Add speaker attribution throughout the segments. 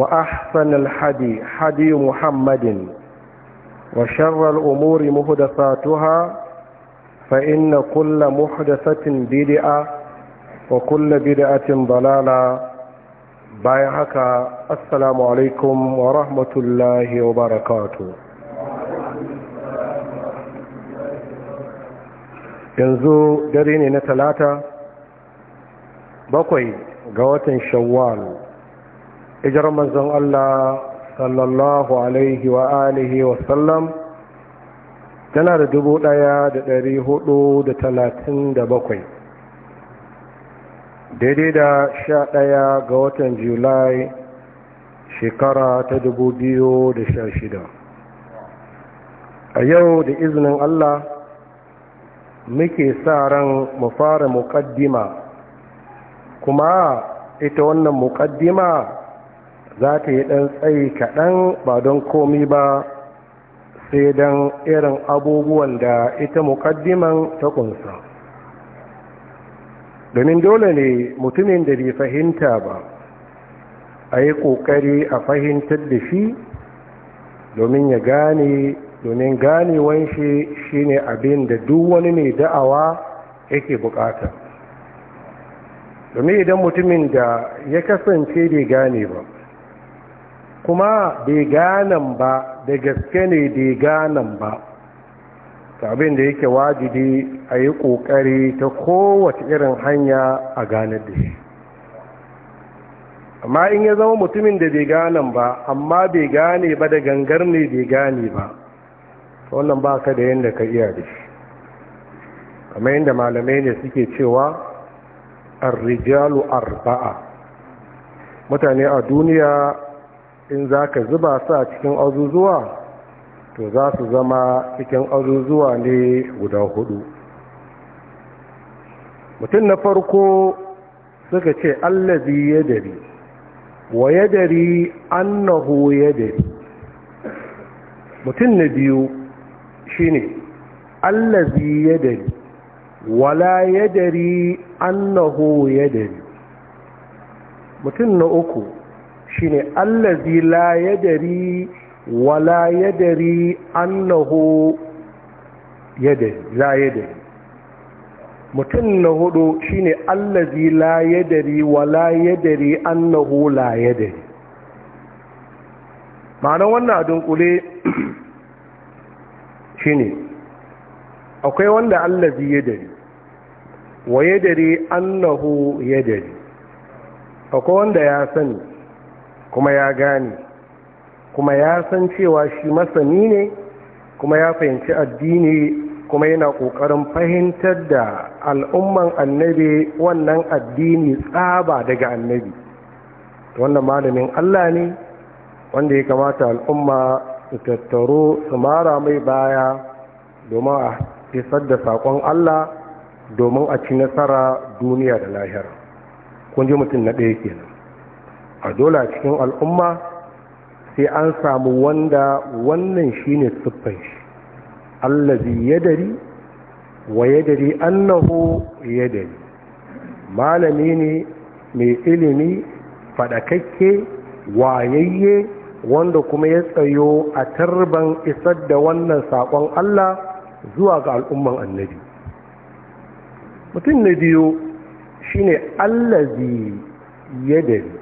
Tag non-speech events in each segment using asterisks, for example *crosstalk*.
Speaker 1: وأحسن الحدي حدي محمد وشر الأمور مهدساتها فإن كل محدثة بدعة وكل بدعة ضلالة بايعك السلام عليكم ورحمة الله وبركاته yanzu dare ne na talata bakwai ga watan shawwal ijar manzon Allah sallallahu alaihi wa alihi wa sallam tana da dubu ɗaya da dari hudu da talatin da bakwai daidai da sha ɗaya ga watan julai shekara ta dubu biyu da sha shida a yau da izinin Allah muke sa ran mu fara muƙaddima kuma ita wannan muƙaddima za ta yi ɗan tsayi kaɗan ba don komi ba sai don irin abubuwan da ita muƙaddiman ta ƙunsa domin dole ne mutumin da bai fahimta ba a yi ƙoƙari a fahimtar da shi domin ya gane domin ganewan shi shine abin da duk wani mai da'awa yake buƙata. domin idan mutumin da ya kasance bai gane ba kuma bai ganan ba da gaske ne bai ganan ba abin da yake wajibi a yi ƙoƙari ta kowace irin hanya a ganar da shi amma in ya zama mutumin da bai ganan ba amma bai gane ba da gangar ne bai gane ba wannan ba ka da yadda ka iya da shi kamar yadda malamai ne suke cewa arrijalu arba'a mutane a duniya in za ka zuba su a cikin azuzuwa to za su zama cikin azuzuwa ne guda hudu mutum na farko suka ce allazi ya dari wa ya dari annahu ya dari mutum na biyu shi ne allazi ya dari wala ya dari annahu ya dari mutum na uku Allah allazi la yadari wala yadari annahu yadari la yadari mutum na hudu Allah allazi la yadari wala yadari annahu la yadari ma'anar wannan a dunkule *clears throat* ne akwai wanda allazi yadari wa yadari annahu yadari akwai wanda ya sani kuma ya gane kuma ya san cewa shi masani ne kuma ya fahimci addini kuma yana ƙoƙarin fahimtar da al'umman annabi wannan addini tsaba daga annabi wannan malamin Allah ne wanda ya kamata al'umma su tattaro su mara mai baya domin a isar da saƙon Allah domin a ci nasara duniya da lahira kun ji mutum na ɗaya kenan a dole a cikin al'umma sai an samu wanda wannan shine siffan shi allazi dari wa yadari annahu yadari malami ne mai ilimi fadakakke wayayye wanda kuma ya tsayo a tarban isar da wannan saƙon Allah zuwa ga al'umman annabi mutum na biyu ne allazi yadari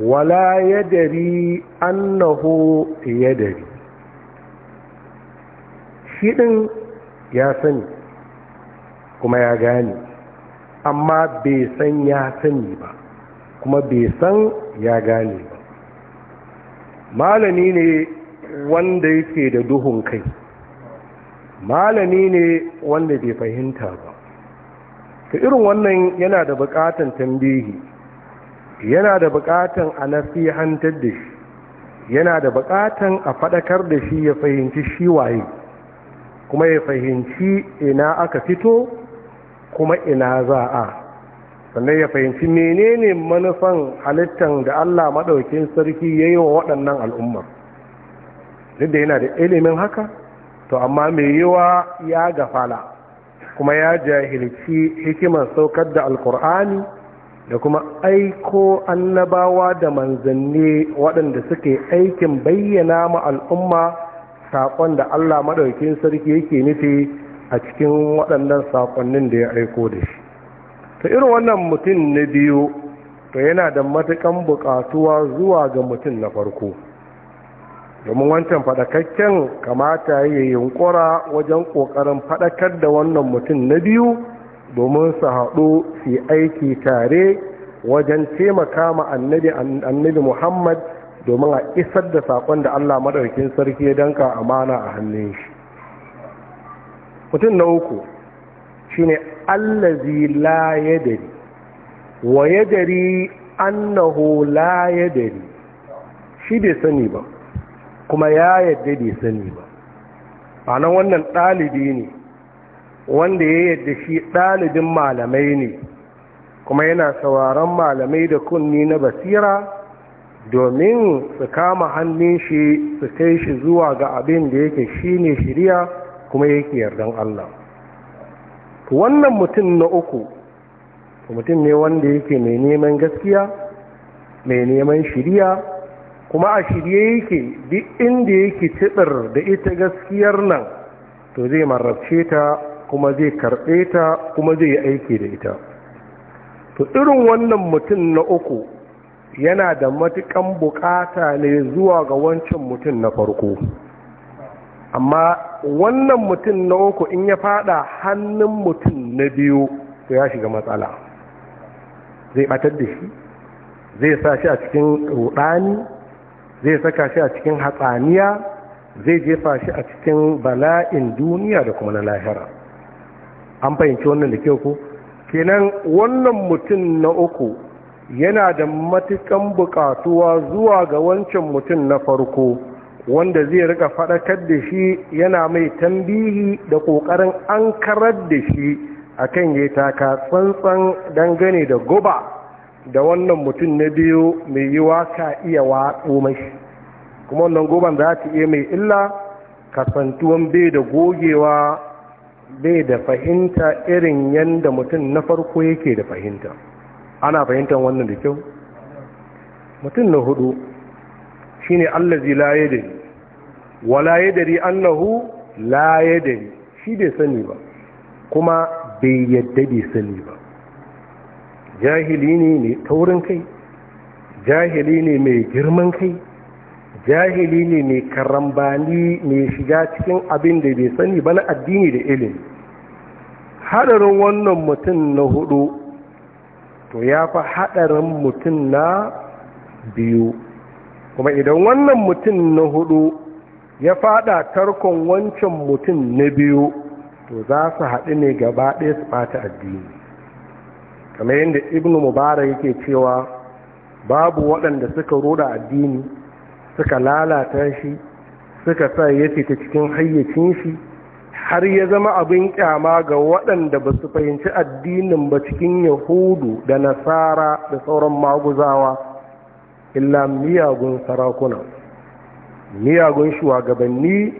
Speaker 1: wala yadari annahu yadari shi ɗin ya sani kuma ya gane amma bai san ya sani ba kuma bai san ya gane ba malami ne wanda yake da duhun kai malami ne wanda bai fahimta ba ta irin wannan yana da bukatan tambihi yana da bukatan a nasihantar da shi yana da bukatan a faɗakar da shi ya fahimci shi waye kuma ya fahimci ina aka fito kuma ina za a sannan ya fahimci menene manufan halittar da Allah maɗaukin sarki ya yi wa waɗannan al'umma duk da yana da ilimin haka to amma mai yiwa ya gafala kuma ya jahilci hikimar saukar da alkur'ani da kuma aiko annabawa da manzanni waɗanda suke aikin bayyana ma al'umma saƙon da Allah maɗaukin sarki yake nufi a cikin waɗannan saƙonnin da ya aiko da shi ta irin wannan mutum na biyu to yana da matuƙan buƙatuwa zuwa ga mutum na farko domin wancan faɗakakken kamata ya yunƙura wajen ƙoƙarin faɗakar da wannan mutum na biyu domin su haɗu su aiki tare wajen taimaka ma annabi Muhammad domin a isar da saƙon da Allah madaukakin sarki ya danka amana a hannun shi mutum na uku shine allazi la yadari wa yadari annahu la yadari shi bai sani ba kuma ya yadda bai sani ba a wannan ɗalibi ne wanda ya yadda shi ɗalibin malamai ne kuma yana sauraron malamai da kunni na basira domin su kama hannun shi su kai shi zuwa ga abin da yake shi ne shiriya kuma yake yardan Allah wannan mutum na uku mutum ne wanda yake mai neman gaskiya mai neman shirya kuma a shirye yake duk inda yake tibir da ita gaskiyar nan to zai marabce ta kuma zai karɓe ta kuma zai yi aiki da ita to irin wannan mutum na uku yana da matukan buƙata ne zuwa ga wancan mutum na farko amma wannan mutum na uku in ya fada hannun mutum na biyu to ya shiga matsala zai batar da shi zai sa shi a cikin rudani zai saka shi a cikin hatsaniya zai jefa shi a cikin bala'in duniya da kuma na lahira an fahimci wannan da kyau ko kenan wannan mutum na uku yana da matukan bukatuwa zuwa ga wancan mutum na farko wanda zai rika faɗakar da shi yana mai tambihi da ƙoƙarin an karar da shi akan ya taka tsantsan dangane da guba da wannan mutum na biyu mai yi waka iya watsu mashi kuma wannan goban za ta iya mai illa kasantuwan bai da gogewa bai da fahimta irin yadda mutum na farko yake da fahimta ana fahimtar wannan da kyau mutum na hudu shine allazi la yadri wala yadri annahu da shi bai sani ba kuma bai yadda bai sani ba jahili ne mai taurin kai jahili ne mai girman kai jahili ne mai karambani mai shiga cikin abin da bai sani ba na addini da ilimi haɗarin wannan mutum na hudu to ya fi haɗarin mutum na biyu kuma idan wannan mutum na hudu ya fada tarkon wancan mutum na biyu to za su haɗu ne gaba ɗaya su ɓata addini kamar yadda ibn mubarak yake cewa babu waɗanda suka roda addini suka lalata shi suka sa ya ta cikin hayyacin shi har ya zama abin kyama ga waɗanda ba su fahimci addinin ba cikin yahudu da nasara da sauran maguzawa illa miyagun sarakuna miyagun shugabanni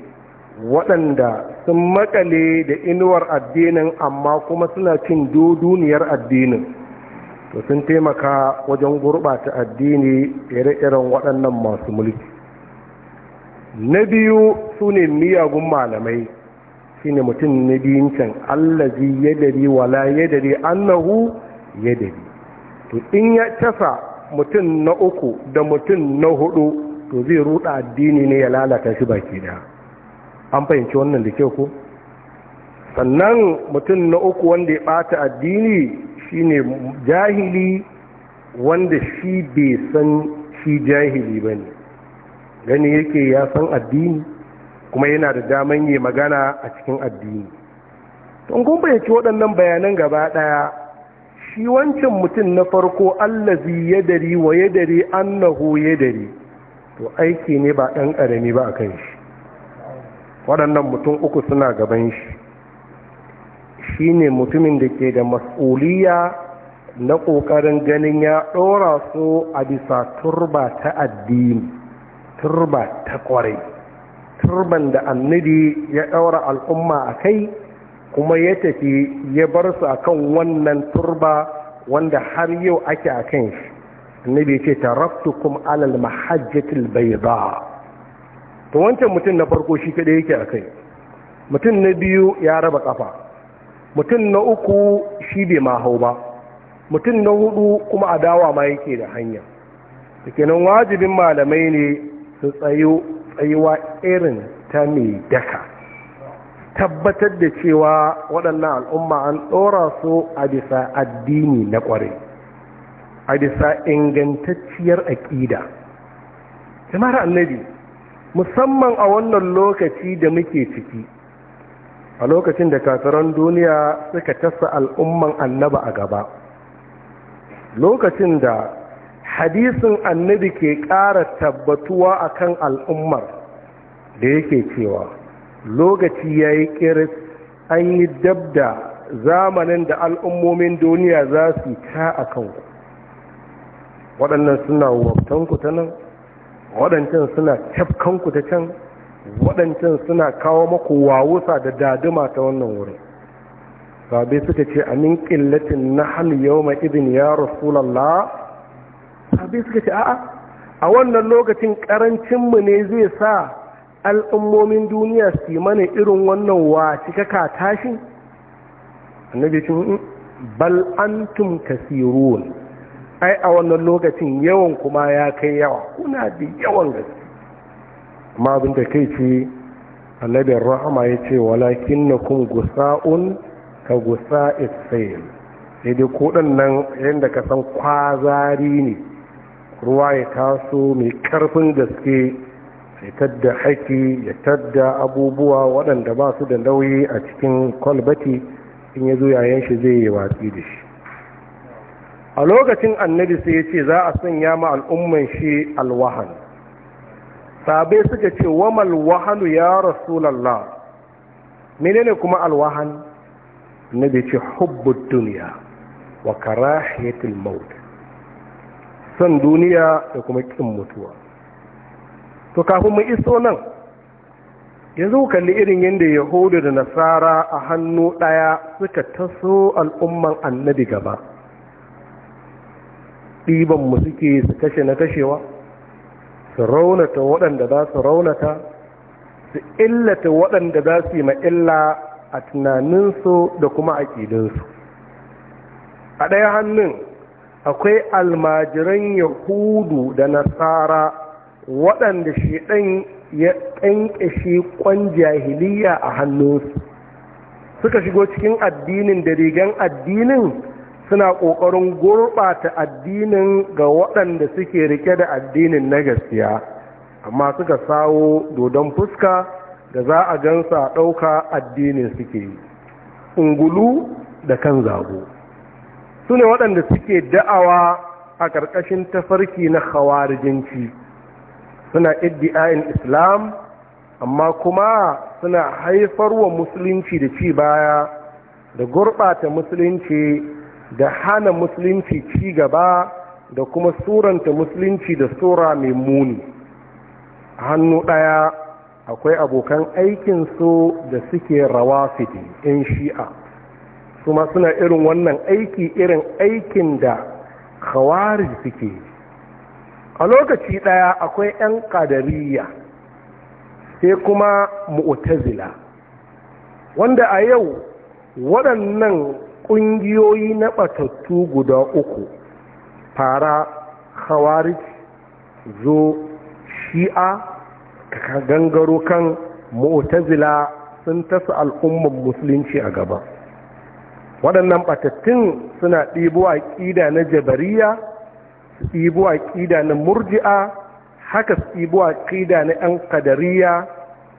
Speaker 1: waɗanda sun makale da inuwar addinin amma kuma suna cin duniyar addinin to sun taimaka wajen gurɓata addini ire-iren waɗannan masu mulki na biyu su ne miyagun malamai shine mutum na biyun can allazi yadari wala yadari annahu yadari to in ya tasa mutum na uku da mutum na hudu to zai ruda addini ne ya lalata shi baki daya an fahimci wannan da kyau ko sannan mutum na uku wanda ya ɓata addini shine jahili wanda shi bai san shi jahili ba ne. gani yake ya san addini kuma yana da daman yi magana a cikin addini don kun fahimci waɗannan bayanan gaba ɗaya shi wancan mutum na farko allazi ya dari wa ya dari annahu ya dari to aiki ne ba ɗan ƙarami ba a kan shi waɗannan mutum uku suna gaban shi shi ne mutumin da ke da mas'uliya na ƙoƙarin ganin ya ɗora su a bisa turba ta addini turba ta ƙwarai turban da annabi ya ɗaura al'umma a kai kuma ya tafi ya bar su a kan wannan turba wanda har yau ake a kan shi annabi ce kuma alal bai ba. to wancan mutum na farko shi kaɗai yake a kai mutum na biyu ya raba kafa mutum na uku shi bai ma hau ba mutum na hudu kuma a dawa ma yake da hanya kenan wajibin malamai ne su tsayo tsayuwa irin ta mai daka tabbatar da cewa waɗannan al'umma an ɗora su a bisa addini na ƙware a bisa ingantacciyar aƙida jama'ar annabi musamman a wannan lokaci da muke ciki a lokacin da kasaran duniya suka tasa al'umman annaba a gaba lokacin da hadisin annabi ke ƙara tabbatuwa a kan al'ummar da yake cewa lokaci ya yi ƙiris an yi dab zamanin da al'ummomin duniya za su ta a kanku waɗannan suna wabtanku ta nan waɗancan suna tafkanku ta can waɗancan suna kawo maku wawusa da daduma ta wannan wurin sabai suka ce amin ƙillatin na hannu yau ma izin ya rasulallah sahabai suka ce a'a a wannan lokacin karancinmu ne zai sa al'ummomin duniya su yi mana irin wannan wa ka tashi annabi cin bal antum kasirun ai a wannan lokacin yawan kuma ya kai yawa kuna da yawan gaske amma abin da kai ce annabi rahama ya ce walakin na kun gusa'un ka gusa isra'il sai dai kuɗin nan yadda ka san kwazari ne ruwa ya taso mai karfin gaske fitar da haki ya tadda abubuwa waɗanda ba su da nauyi a cikin kwalbati in ya zo yayan shi zai yi watsi da shi a lokacin annabi sai ya ce za a sanya ma al'umman shi alwahan sabai suka ce wamal wahanu ya rasulallah menene kuma alwahan annabi ce hubbud duniya wa karahiyatul maut son duniya da kuma kin mutuwa to kafin mu iso nan yanzu kalli irin yadda yahudu da nasara a hannu ɗaya suka taso al'umman annabi gaba ɗiban mu suke su kashe na kashewa su raunata waɗanda za su raunata su illata waɗanda za su yi ma'illa a tunaninsu da kuma aƙidinsu a ɗaya hannun akwai almajiran yahudu da nasara waɗanda shiɗan ya shi ƙwan jahiliya a hannunsu suka shigo cikin addinin da rigan addinin suna ƙoƙarin gurɓata addinin ga waɗanda suke rike da addinin na gaskiya amma suka sawo dodon fuska da za a gansa ɗauka addinin suke yi ungulu da kan zago su ne waɗanda suke da'awa a ƙarƙashin tafarki na hawarijinci suna iddi'ayin islam amma kuma suna haifar wa musulunci da ci baya da gurɓata musulunci da hana musulunci ci gaba da kuma suranta musulunci da sura mai muni hannu ɗaya akwai abokan aikinsu da suke rawa fiti 'yan shi'a su ma suna irin wannan aiki irin aikin da khawari suke a lokaci ɗaya akwai 'yan ƙadariya sai kuma mu'tazila wanda a yau waɗannan ƙungiyoyi na ɓatattu guda uku fara khawari zo shi'a ka gangaro kan mu'tazila sun tasa al'ummar musulunci a gaba waɗannan batattun suna ɗibo ƙida na jabariya su ɗibo ƙida na murji'a haka su ɗibo ƙida na 'yan kadariya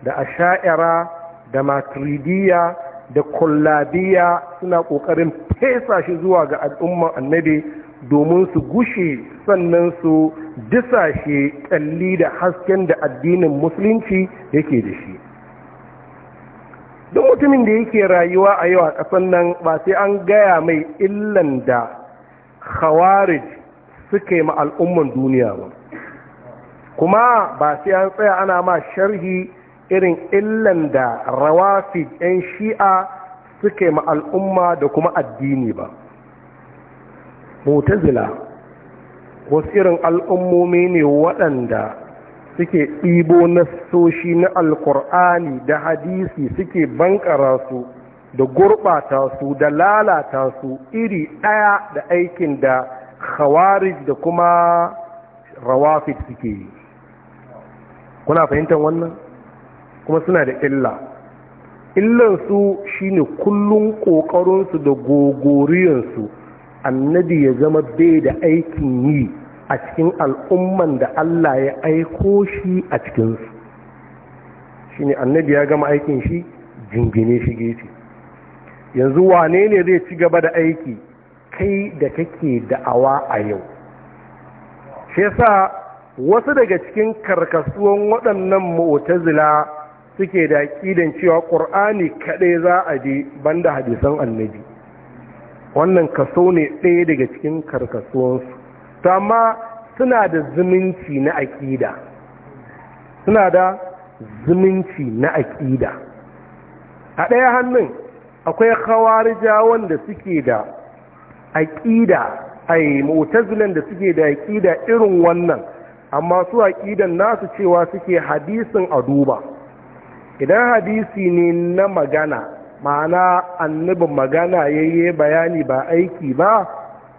Speaker 1: da asha'ira da maturidiya da kullabiya suna ƙoƙarin fesa shi zuwa ga al'umman annabi domin su gushe sannan su disashe ƙalli da hasken da addinin musulunci yake da shi duk mutumin da yake rayuwa a yau a ƙasan nan ba sai an gaya mai illan da khawarij suka yi ma al'umman duniya ba kuma ba sai an tsaya ana ma sharhi irin illan da rawafi 'yan shi'a suka yi ma al'umma da kuma addini ba mutazila wasu irin al'ummomi ne waɗanda suke ɗibo nassoshi na alkur'ani da hadisi suke bankara su da gurɓata su da lalata su iri ɗaya da aikin da khawarij da kuma rawafid suke yi kuna fahimtar wannan kuma suna da illa illan illansu shine kullum ƙoƙarinsu da gogoriyansu annabi ya zama bai da aikin yi a cikin al'umman da Allah ya aiko shi a cikinsu shi ne annabi ya gama aikin shi jingine shi gefe yanzu wane ne zai ci gaba da aiki kai da kake da'awa a yau shi sa wasu daga cikin karkasuwan waɗannan mu'tazila suke da ƙidan cewa ƙur'ani kaɗai za a je banda hadisan annabi wannan kaso ne ɗaya daga cikin karkasuwansu to amma suna da zumunci na aƙida suna da zumunci na aƙida a ɗaya hannun akwai kawarija wanda suke da aƙida a yi da suke da aƙida irin wannan amma su aƙidan nasu cewa suke hadisin a duba idan hadisi ne na magana ma'ana annabin magana yayye bayani ba aiki ba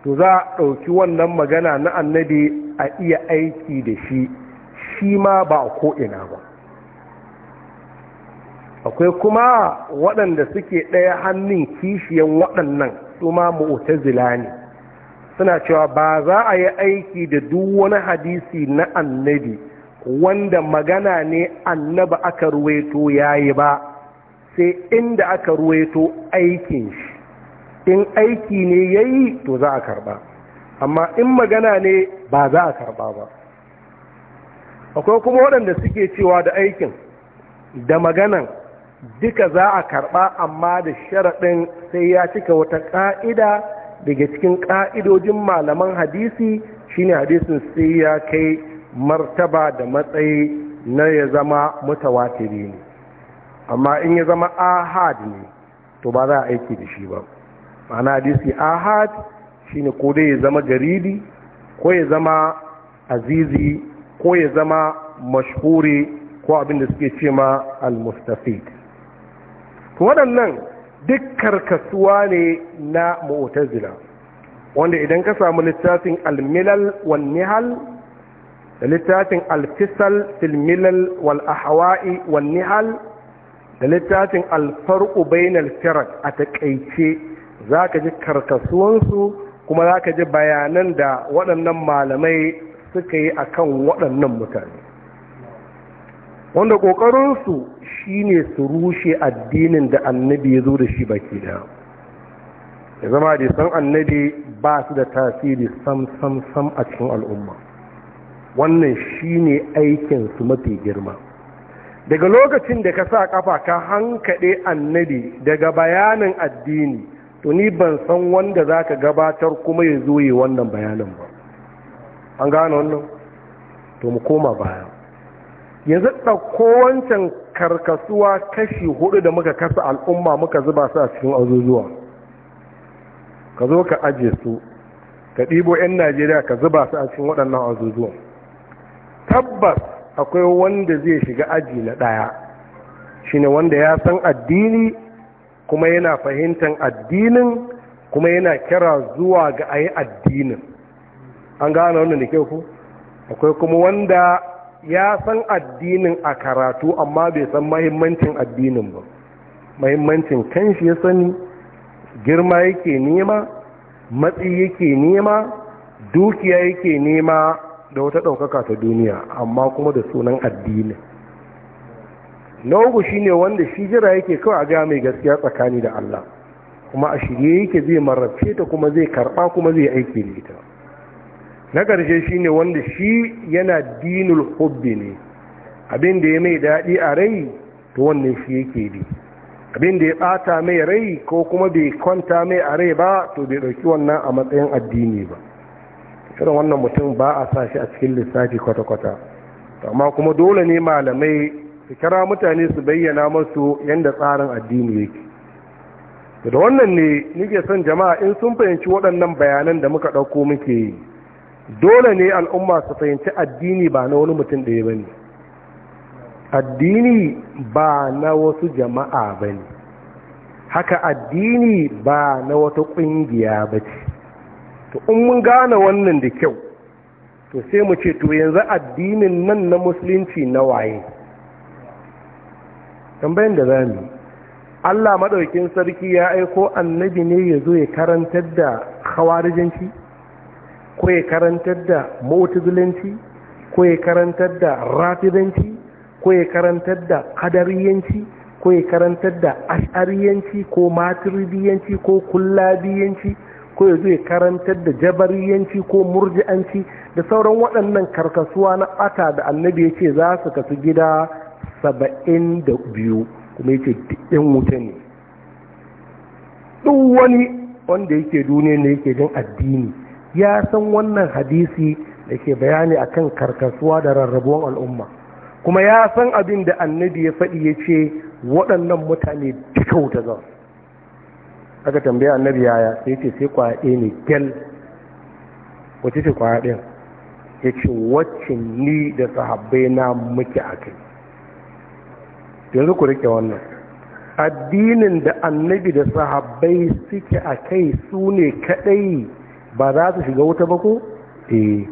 Speaker 1: to za a ɗauki wannan magana na annabi a iya aiki da shi shi ma ba a ko'ina ba akwai kuma waɗanda suke ɗaya hannun kishiyan waɗannan su ma zila ne suna cewa ba za a yi aiki da duk wani hadisi na annabi wanda magana ne annaba aka ruwaito yayi ba sai inda aka ruwaito aikin shi in aiki ne ya yi to za a karba amma in magana ne ba za a karba ba akwai kuma waɗanda suke cewa da aikin da maganan duka za a karba amma da sharaɗin sai ya cika wata ƙa'ida daga cikin ƙa'idojin malaman hadisi shine hadisin sai ya kai martaba da matsayi na ya zama mutawatiri ne amma in ya zama ahad ne to ba za a aiki da shi ba ma'ana hadisi ahad shine ko dai ya zama jaridi ko ya zama azizi ko ya zama mashhuri ko abin da suke ce ma al-mustafid waɗannan duk karkasuwa ne na mu'tazila wanda idan ka samu littafin al-milal wal nihal da littafin al-fisal fil milal wal ahwa'i wal nihal da littafin al-farqu bainal firq a takeice za ka ji karkasuwansu kuma za ka ji bayanan da waɗannan malamai suka yi a kan waɗannan mutane wanda ƙoƙarinsu shi ne su rushe addinin da annabi ya zo da shi baki da ya zama da san annabi ba su da tasiri sam sam sam a cikin al'umma wannan shi ne aikinsu mafi girma daga lokacin da ka sa kafa ka hankaɗe annabi daga bayanin addini to ni ban san wanda za ka gabatar kuma ya zo wannan bayanin ba an gane wannan to mu koma baya yanzu ɗauko wancan karkasuwa kashi hudu da muka kasa al'umma muka zuba su a cikin azuzuwa ka zo ka ajiye su ka ɗibo 'yan najeriya ka zuba su a cikin waɗannan azuzuwa. tabbas akwai wanda zai shiga aji na ɗaya shine wanda ya san addini kuma yana fahimtar addinin kuma yana kira zuwa ga ayi addinin an gane wannan da kyau ku akwai kuma wanda ya san addinin a karatu amma bai san mahimmancin addinin ba mahimmancin shi ya sani girma yake nema matsi yake nema dukiya yake nema da wata ɗaukaka ta duniya amma kuma da sunan addinin na uku ne wanda shi jira yake kawai a ga mai gaskiya tsakani da Allah kuma a shirye yake zai marabce ta kuma zai karɓa kuma zai aiki da ita na ƙarshe ne wanda shi yana dinul hubbi ne abin da ya mai daɗi a rai to wannan shi yake bi abin da ya ɓata mai rai ko kuma bai kwanta mai a rai ba to bai ɗauki wannan a matsayin addini ba shirin wannan mutum ba a sa shi a cikin lissafi kwata-kwata amma kuma dole ne malamai su kira mutane su bayyana masu yadda tsarin addini yake da wannan ne nike son jama'a in sun fahimci waɗannan bayanan da muka ɗauko muke yi dole ne al'umma su fahimci addini ba na wani mutum ɗaya ba ne addini ba na wasu jama'a ba ne haka addini ba na wata ƙungiya ba ce to in mun gane wannan da kyau to sai mu ce to yanzu addinin nan na musulunci na waye tambayan da za mu Allah maɗaukin sarki ya aiko annabi ne ya zo ya karantar da khawarijanci ko ya karantar da mu'tazilanci ko ya karantar da rafidanci ko ya karantar da kadariyanci ko ya karantar da ash'ariyanci ko maturidiyanci ko kullabiyanci ko ya zo ya karantar da jabariyanci ko murji'anci da sauran waɗannan karkasuwa na ɓata da annabi ya ce za su kasu gida saba'in da biyu kuma yake ɗin wuta ne duk wani wanda yake duniya ne yake jin addini ya san wannan hadisi da ke bayani a kan karkasuwa da rarrabuwan al'umma kuma ya san abin da annabi ya faɗi ya ce waɗannan mutane duka wuta za aka tambaya annabi yaya sai ce sai kwaɗe ne gyal wace ce kwaɗe ya ce wacce ni da sahabbai na muke a kai yanzu ku rike wannan addinin da annabi da sahabbai suke a kai su ne kadai ba za su shiga wuta ba ko eh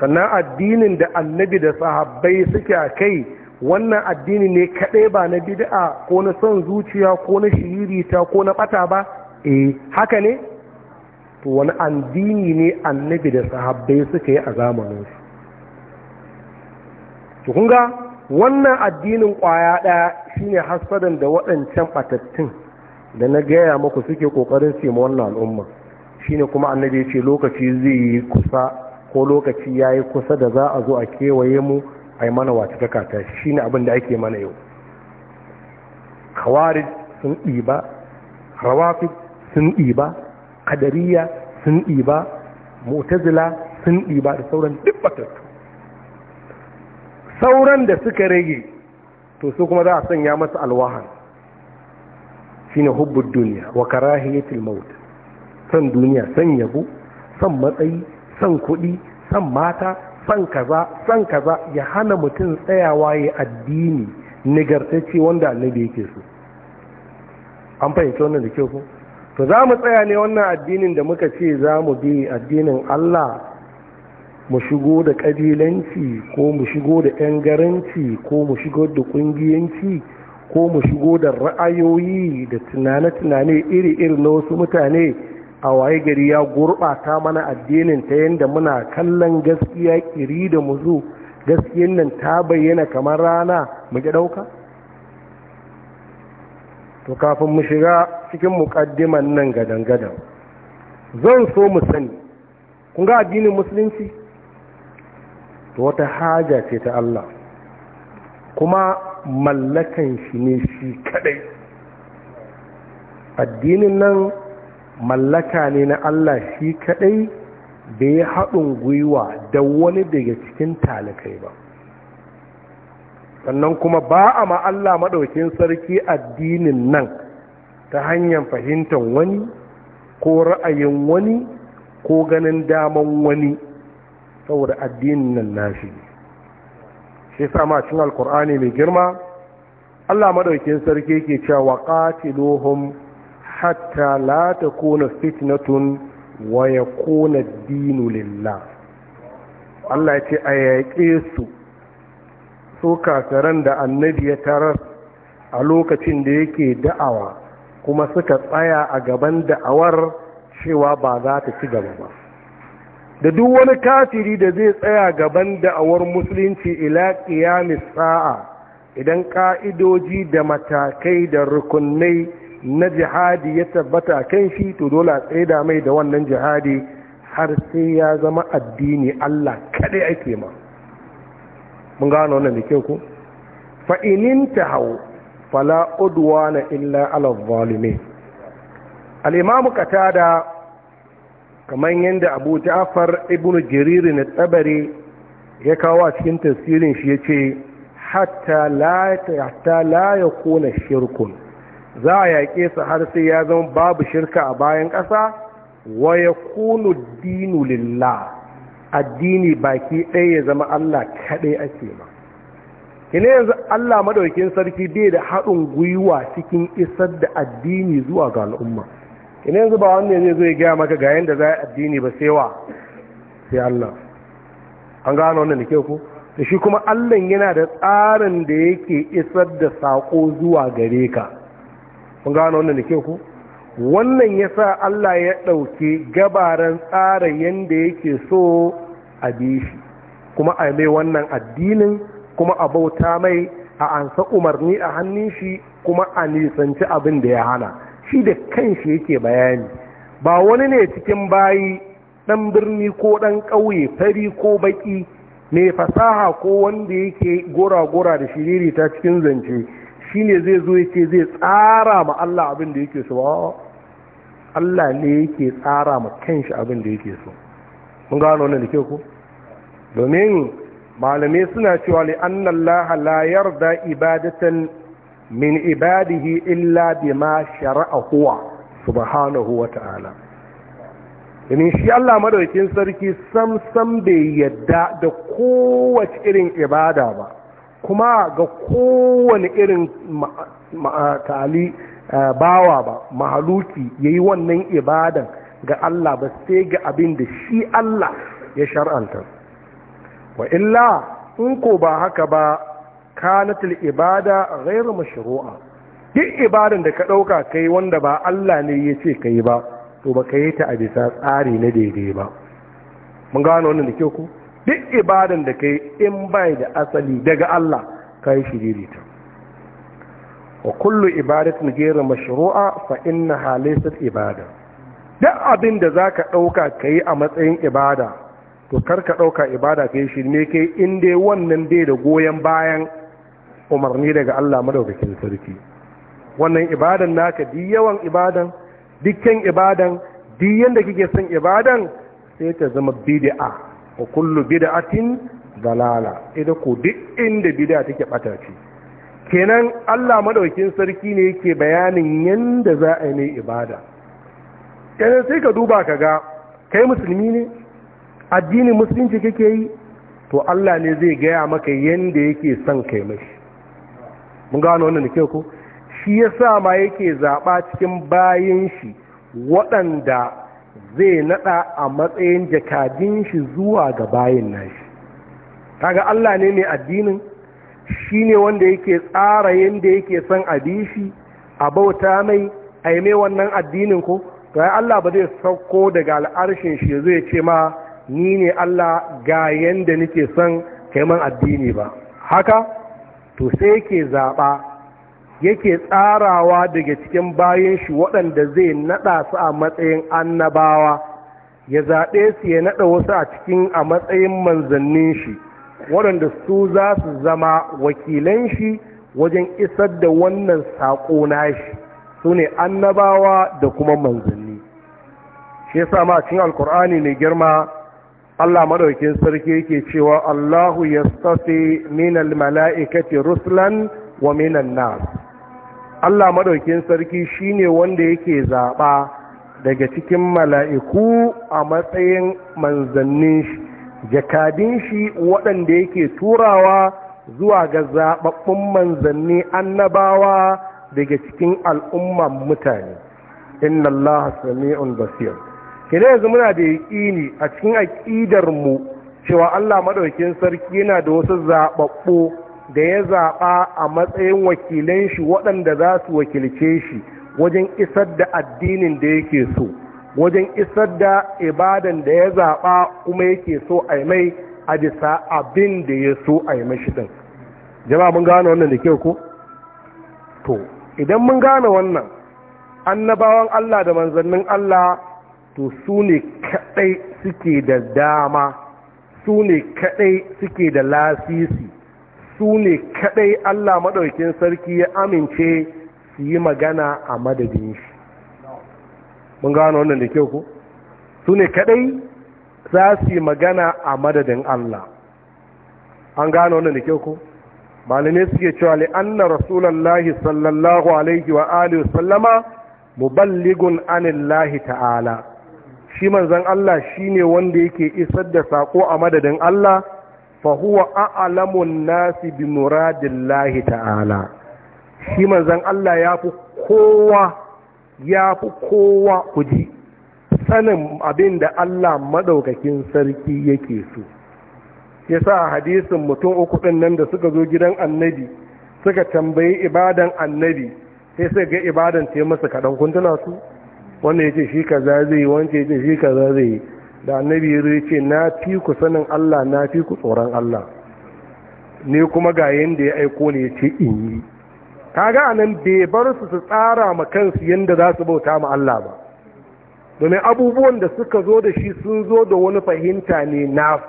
Speaker 1: sannan addinin da annabi da sahabbai suke a kai wannan addini ne kadai ba na bid'a ko na son zuciya ko na shiririta ko na bata ba eh haka ne to wani addini ne annabi da sahabbai suka yi a zamanin su to ga wannan addinin ƙwaya ɗaya shine hasadan da waɗancan ɓatattun da na gaya maku suke ƙoƙarin sema wannan al'umma shine kuma annabi ce lokaci zai yi kusa ko lokaci ya yi kusa da za a zo a kewaye mu a yi mana wata takata ne abin da ake mana yau kawarij sun ɗiba rawafi sun ɗiba kadariya sun ɗiba mutazila sun ɗiba da sauran duk sauran da suka rage to su kuma za a sanya masa alwahan ne hubbun duniya wa karahiyatul maut san duniya san yabo san matsayi san kuɗi san mata san kaza san kaza ya hana mutum tsayawa ya addini nigartacce wanda annabi yake so an fahimci wannan da kyau ko to za mu tsaya ne wannan addinin da muka ce za mu bi addinin Allah mu shigo da ƙabilanci ko mu shigo da 'yan garanci ko mu shigo da ƙungiyanci ko mu shigo da ra'ayoyi da tunane-tunane iri-iri na wasu mutane a waye gari ya gurɓata mana addinin ta yadda muna kallon gaskiya ƙiri da muzu gaskiyan nan ta bayyana kamar rana mu muke ɗauka? to kafin mu shiga cikin muƙaddiman nan gadan-gadan zan so mu sani kun ga addinin musulunci to wata haja ce ta Allah kuma mallakan shi ne shi kadai addinin nan mallaka ne na Allah shi kadai da ya haɗin gwiwa da wani daga cikin talakai ba sannan kuma ba a ma Allah maɗaukin sarki addinin nan ta hanyar fahimtar wani ko ra'ayin wani ko ganin daman wani saboda addinin nan nashi shi sa ma cin alkur'ani mai girma Allah madaukin sarki yake cewa qatiluhum hatta la takuna fitnatun wa yakuna ad-dinu lillah Allah ce a yaƙe su su kasaran da annabi ya tarar a lokacin da yake da'awa kuma suka tsaya a gaban da'awar cewa ba za ta ci gaba ba da duk wani kafiri da zai tsaya gaban da'awar musulunci ila qiyamis sa'a idan ka'idoji da matakai da rukunai na jihadi ya tabbata kan shi to dole a tsaida mai da wannan jihadi har sai ya zama addini Allah kaɗai ake ma mun gano wannan da ke ku. fa inin fala udwana illa ala zalimin al-imamu kamar yadda abu ja'far Ibn jariri na tsabari ya kawo a cikin tasirin shi ya ce hatta la ya kona shirkun za a yaƙe su har sai ya zama babu shirka a bayan ƙasa wa ya kunu dinu lillah addini baki ɗaya ya zama Allah kaɗai ake ma kina yanzu Allah madaukin sarki bai da haɗin gwiwa cikin isar da addini zuwa ga al'umma ina yanzu ba ne zai zo ya gaya maka ga yadda za a addini ba sai wa sai Allah an gano wannan da kyau ku. da shi kuma Allah yana da tsarin da yake isar da sako zuwa gare ka An gano wannan da kyau ku. wannan ya sa Allah ya ɗauke gabaran tsarin yadda yake so a bi shi kuma a mai wannan addinin kuma a bauta mai a ansa umarni a hannun shi kuma a nisanci abin da ya hana shi da kanshi yake bayani ba wani ne cikin bayi ɗan birni ko ɗan ƙauye fari ko baƙi mai fasaha ko wanda yake gora-gora da shiriri ta cikin zance shi ne zai zo yake zai tsara ma Allah abin da yake so Allah ne yake tsara ma kanshi abin da yake so mun gano wannan da ke ku domin malamai suna cewa li annallaha la yarda ibadatan min ibadihi illa bima shara'a huwa subhanahu wa ta'ala domin shi Allah madaukin sarki sam sam bai yadda da kowace irin ibada ba kuma ga kowane irin ma'atali eh, bawa ba mahaluki yayi wannan ibada ga Allah ba sai ga abin da shi Allah ya shar'anta wa illa in ko ba haka ba kanatul ibada ghairu mashru'a duk ibadan da ka dauka kai wanda ba Allah ne yace kai ba to ba kai ta a bisa tsari na daidai ba mun gano wannan da ke ku duk ibadan da kai in bai da asali daga Allah kai shi daidaita wa kullu ibadatin ghairu mashru'a fa innaha laysat ibada duk abin da zaka dauka kai a matsayin ibada to ka dauka ibada kai shi ne kai in dai wannan dai da goyen bayan umarni daga Allah madaukakin sarki wannan ibadan naka di yawan ibadan dukkan ibadan di yanda kike son ibadan sai ta zama bid'a wa kullu bid'atin dalala idan ku duk inda bid'a take bata ce kenan Allah madaukakin sarki ne yake bayanin yanda za a yi ibada kenan sai ka duba ka ga kai musulmi ne addinin musulunci kake yi to Allah ne zai gaya maka yanda yake son kai mashi mun gano wannan da kyau ku shi ya sa ma yake zaɓa cikin bayan shi waɗanda zai naɗa a matsayin jakadin shi zuwa ga bayan nashi kaga Allah ne mai addinin shi ne wanda yake tsara yadda yake son a bi shi a bauta mai a yi mai wannan addinin ko ga Allah ba zai sauko daga al'arshin shi zai ce ma ni ne Allah ga yadda nake son kaiman addini ba haka to sai yake zaɓa yake tsarawa daga cikin bayan shi waɗanda zai naɗa su a matsayin annabawa ya zaɓe su ya naɗa wasu a cikin a matsayin manzannin shi waɗanda su za su zama wakilan shi wajen isar da wannan saƙo na shi, su ne annabawa da kuma manzanni shi yasa ma cikin alkur'ani mai girma Allah madaukin sarki yake cewa Allahu yastafi minal mala'ikati ruslan wa minan nas Allah madaukin sarki shine wanda yake zaɓa daga cikin mala'iku a matsayin manzannin shi jakadin shi waɗanda yake turawa zuwa ga zababbun manzanni annabawa daga cikin al'umman mutane inna Allah sami'un basir kina yanzu muna da yaƙini a cikin aƙidar mu cewa Allah Maɗaukin sarki yana da wasu zababbu da ya zaɓa a matsayin wakilan shi waɗanda za su wakilce shi wajen isar da addinin da yake so wajen isar da ibadan da ya zaba kuma yake so a mai a bisa abin da ya so a yi mashi din jama'a mun gane wannan da kyau ko to idan mun gane wannan annabawan Allah da manzannin Allah to su ne kaɗai suke da dama su ne kaɗai suke da lasisi su ne kaɗai allah maɗaukin sarki ya amince su yi magana a madadin shi mun gano wannan da kyau ko su ne kaɗai za su yi magana a madadin allah an gano wannan da kyau ko malamai suke cewa li'anna Rasulallah sallallahu alaihi wa alihi wasallama muballigun anillahi ta'ala shi manzan Allah ne wanda yake isar da sako a madadin Allah fahuwa huwa a'lamun nasi bi muradillahi ta'ala shi manzan Allah ya fi kowa ya fi kowa kuji sanin abin da Allah maɗaukakin sarki yake so ya sa hadisin mutum uku ɗin nan da suka zo gidan annabi suka tambayi ibadan annabi sai sai ga ibadan ce masa kaɗan kuntuna su wanda ya ce shi kaza zai yi wanda ya ce shi kaza zai yi da annabi ya ce na fi ku sanin Allah na fi ku tsoron Allah ne kuma ga yadda ya aiko ne ya ce in yi kaga anan bai bar su su tsara ma kansu yadda za su bauta ma Allah ba domin abubuwan da suka zo da shi sun zo da wani fahimta ne su,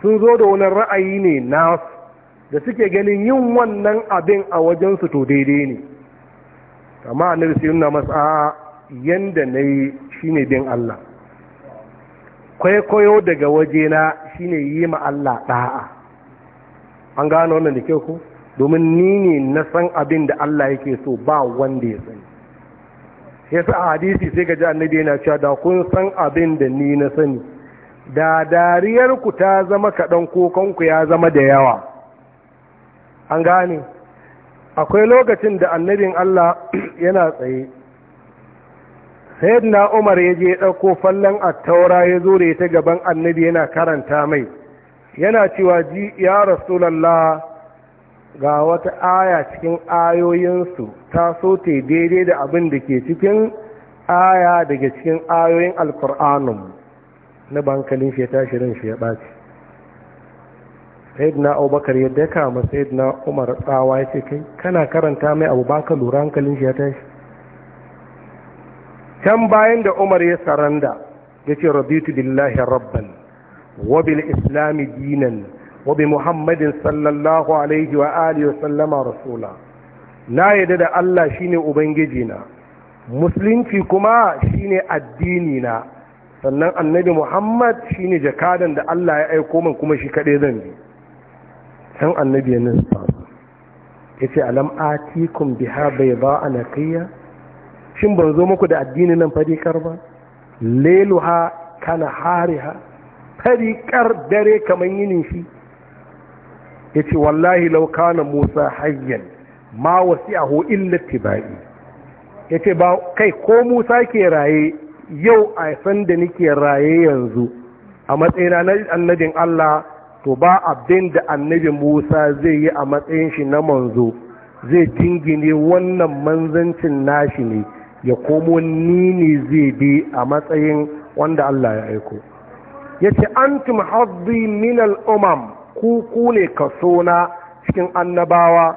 Speaker 1: sun zo da wani ra'ayi ne su, da suke ganin yin wannan abin a wajensu to daidai ne amma annabi sai nuna masa yanda na yi shine bin Allah kwaikwayo daga wajena shine yi ma Allah ɗa'a an gano wannan da kyau ku domin ni ne na san abin da Allah yake so ba wanda ya sani ya a hadisi sai ka ji annabi yana cewa da kun san abin da ni na sani da dariyar ta zama kaɗan ko kanku ya zama da yawa an gane akwai lokacin da annabin Allah *clears throat* yana tsaye na umar ya je ɗauko fallon taura ya zo da ya ta gaban annabi yana karanta mai yana cewa ji ya rasulallah ga wata aya cikin ayoyinsu ta so ta daidai da abin da ke cikin aya daga cikin ayoyin alkur'anun na bankalin shi ya tashi ran shi ya ɓaci sayyidina abubakar yadda ya kama ma sayyidina umar tsawa ya ce kai kana karanta mai abu baka lura hankalin shi ya tashi can bayan da umar ya saranda ya ce rabitu billahi rabban wa bil islami dinan wa bi muhammadin sallallahu alaihi wa alihi wa sallama rasula na yadda da Allah shine ubangiji na musulunci kuma shine addini na sannan annabi muhammad shine jakadan da Allah ya aiko min kuma shi kaɗai zan bi san annabi ya nisa ya ce alam atikum biha bayda anaqiyya shin ban zo muku da addini nan farikar ba leluha kana hariha Farikar dare kamar yinin shi ya ce wallahi laukana musa hayyan ma wasi a ho'in lattiba'i ya ce ba kai ko musa ke raye yau a san da nike raye yanzu a matsayina na annabin allah to ba abin da annabi musa zai yi a matsayin shi na manzo zai jingine wannan manzancin nashi ne ya komo ni ne zai bi a matsayin wanda Allah ya aiko ya ce antum haddi min al'umam ku ku ne kaso na cikin annabawa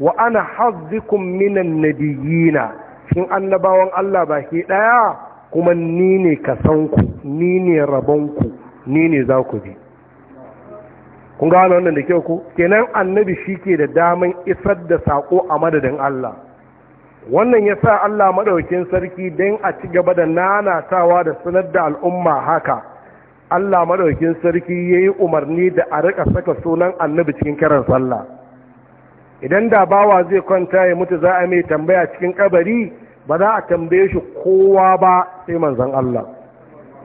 Speaker 1: wa ana haddikum minan nabiyina cikin annabawan Allah baki ɗaya kuma ni ne kasanku ni ne rabonku ni ne za ku bi kun gano wannan da kyau ku kenan annabi shi ke da daman isar da saƙo a madadin Allah wannan ya sa Allah maɗaukin sarki don a ci gaba da nanatawa da sanar da al'umma haka Allah maɗaukin sarki ya yi umarni da a riƙa saka sunan annabi cikin kiran sallah idan da bawa zai kwanta ya mutu za a mai tambaya cikin kabari ba za a tambaye shi kowa ba sai manzan Allah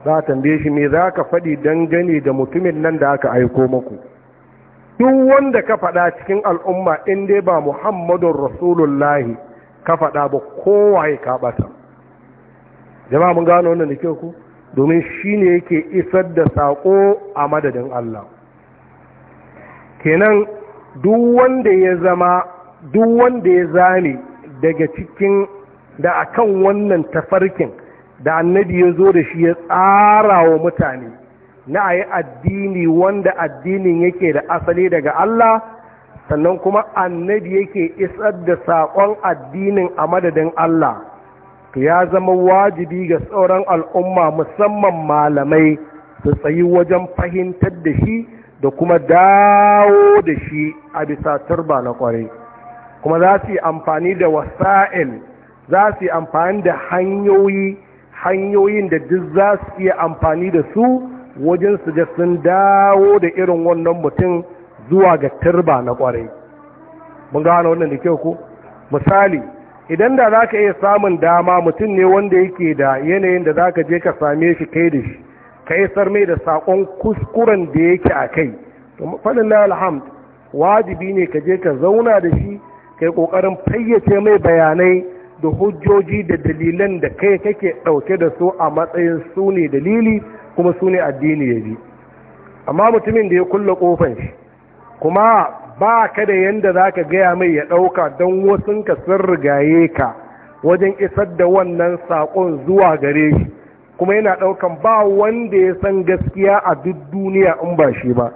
Speaker 1: za a tambaye shi me za ka faɗi dangane da mutumin nan da aka aiko maku duk wanda ka faɗa cikin al'umma in dai ba muhammadun rasulullahi ka faɗa ba kowaye ka ɓata jama'a mun gano wannan da kyau ku domin shi ne yake isar da saƙo a madadin Allah kenan duk wanda ya zama duk wanda ya zane daga cikin da akan wannan tafarkin da annabi ya zo da shi ya tsara wa mutane na a yi addini wanda addinin yake da asali daga Allah sannan kuma annabi yake isar da saƙon addinin a madadin Allah ya zama wajibi ga sauran al'umma musamman malamai su tsayi wajen fahimtar da shi da kuma dawo da shi a bisa turba na kwarai kuma za su yi amfani da wasa'il za su yi amfani da hanyoyi hanyoyin da duk za su iya amfani da su wajen su ga sun dawo da irin wannan mutum zuwa ga turba na kwarai mun gano wannan da kyau ko misali idan da zaka iya samun dama mutum ne wanda yake da yanayin da za ka je ka same shi kai da shi ka isar mai da sakon kuskuren da yake a kai faɗin alhamd wajibi ne ka je ka zauna da shi kai ƙoƙarin fayyace mai bayanai da hujjoji da dalilan da kai kake ɗauke da su a matsayin su ne dalili kuma su ne addini ya ji amma mutumin da ya kulle ƙofan shi kuma ba ka da yadda za ka gaya mai ya ɗauka don wasunka sun rigaye ka wajen isar da wannan saƙon zuwa gare shi kuma yana ɗaukan ba wanda ya san gaskiya a duk duniya in ba shi ba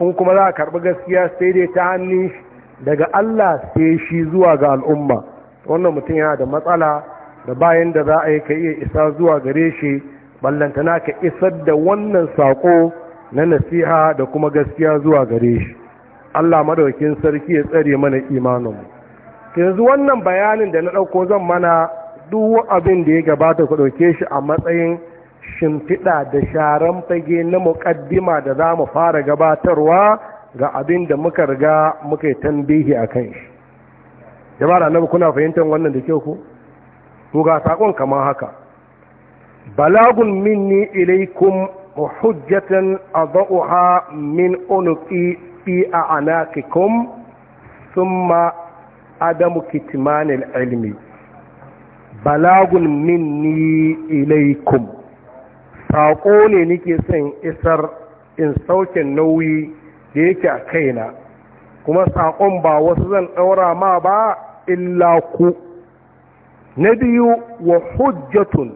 Speaker 1: in kuma za a karɓi gaskiya sai dai ta hannun shi daga Allah sai shi zuwa ga al'umma wannan mutum yana da matsala da bayan da za a yi ka iya isa zuwa gare shi ballantana ka isar da wannan saƙo na nasiha da kuma gaskiya zuwa gare shi Allah madaukin sarki ya tsare mana imanin yanzu wannan bayanin da na ɗauko zan mana duk abin da ya gabata ku ɗauke shi a matsayin shimfiɗa da sharan fage na muƙaddima da za mu fara gabatarwa ga abin da muka riga muka yi tambihi a kan shi jama'a da annabi kuna fahimtar wannan da kyau ku ku ga sakon kamar haka balagun minni ilaikum hujjatan adha'uha min unqi fi a anaqikum thumma adamu kitmanil ilmi balagun minni ilaikum saƙo ne nake son isar in sauke nauyi da yake a kaina kuma saƙon ba wasu zan ɗaura ma ba illa ku na biyu wa hujjatun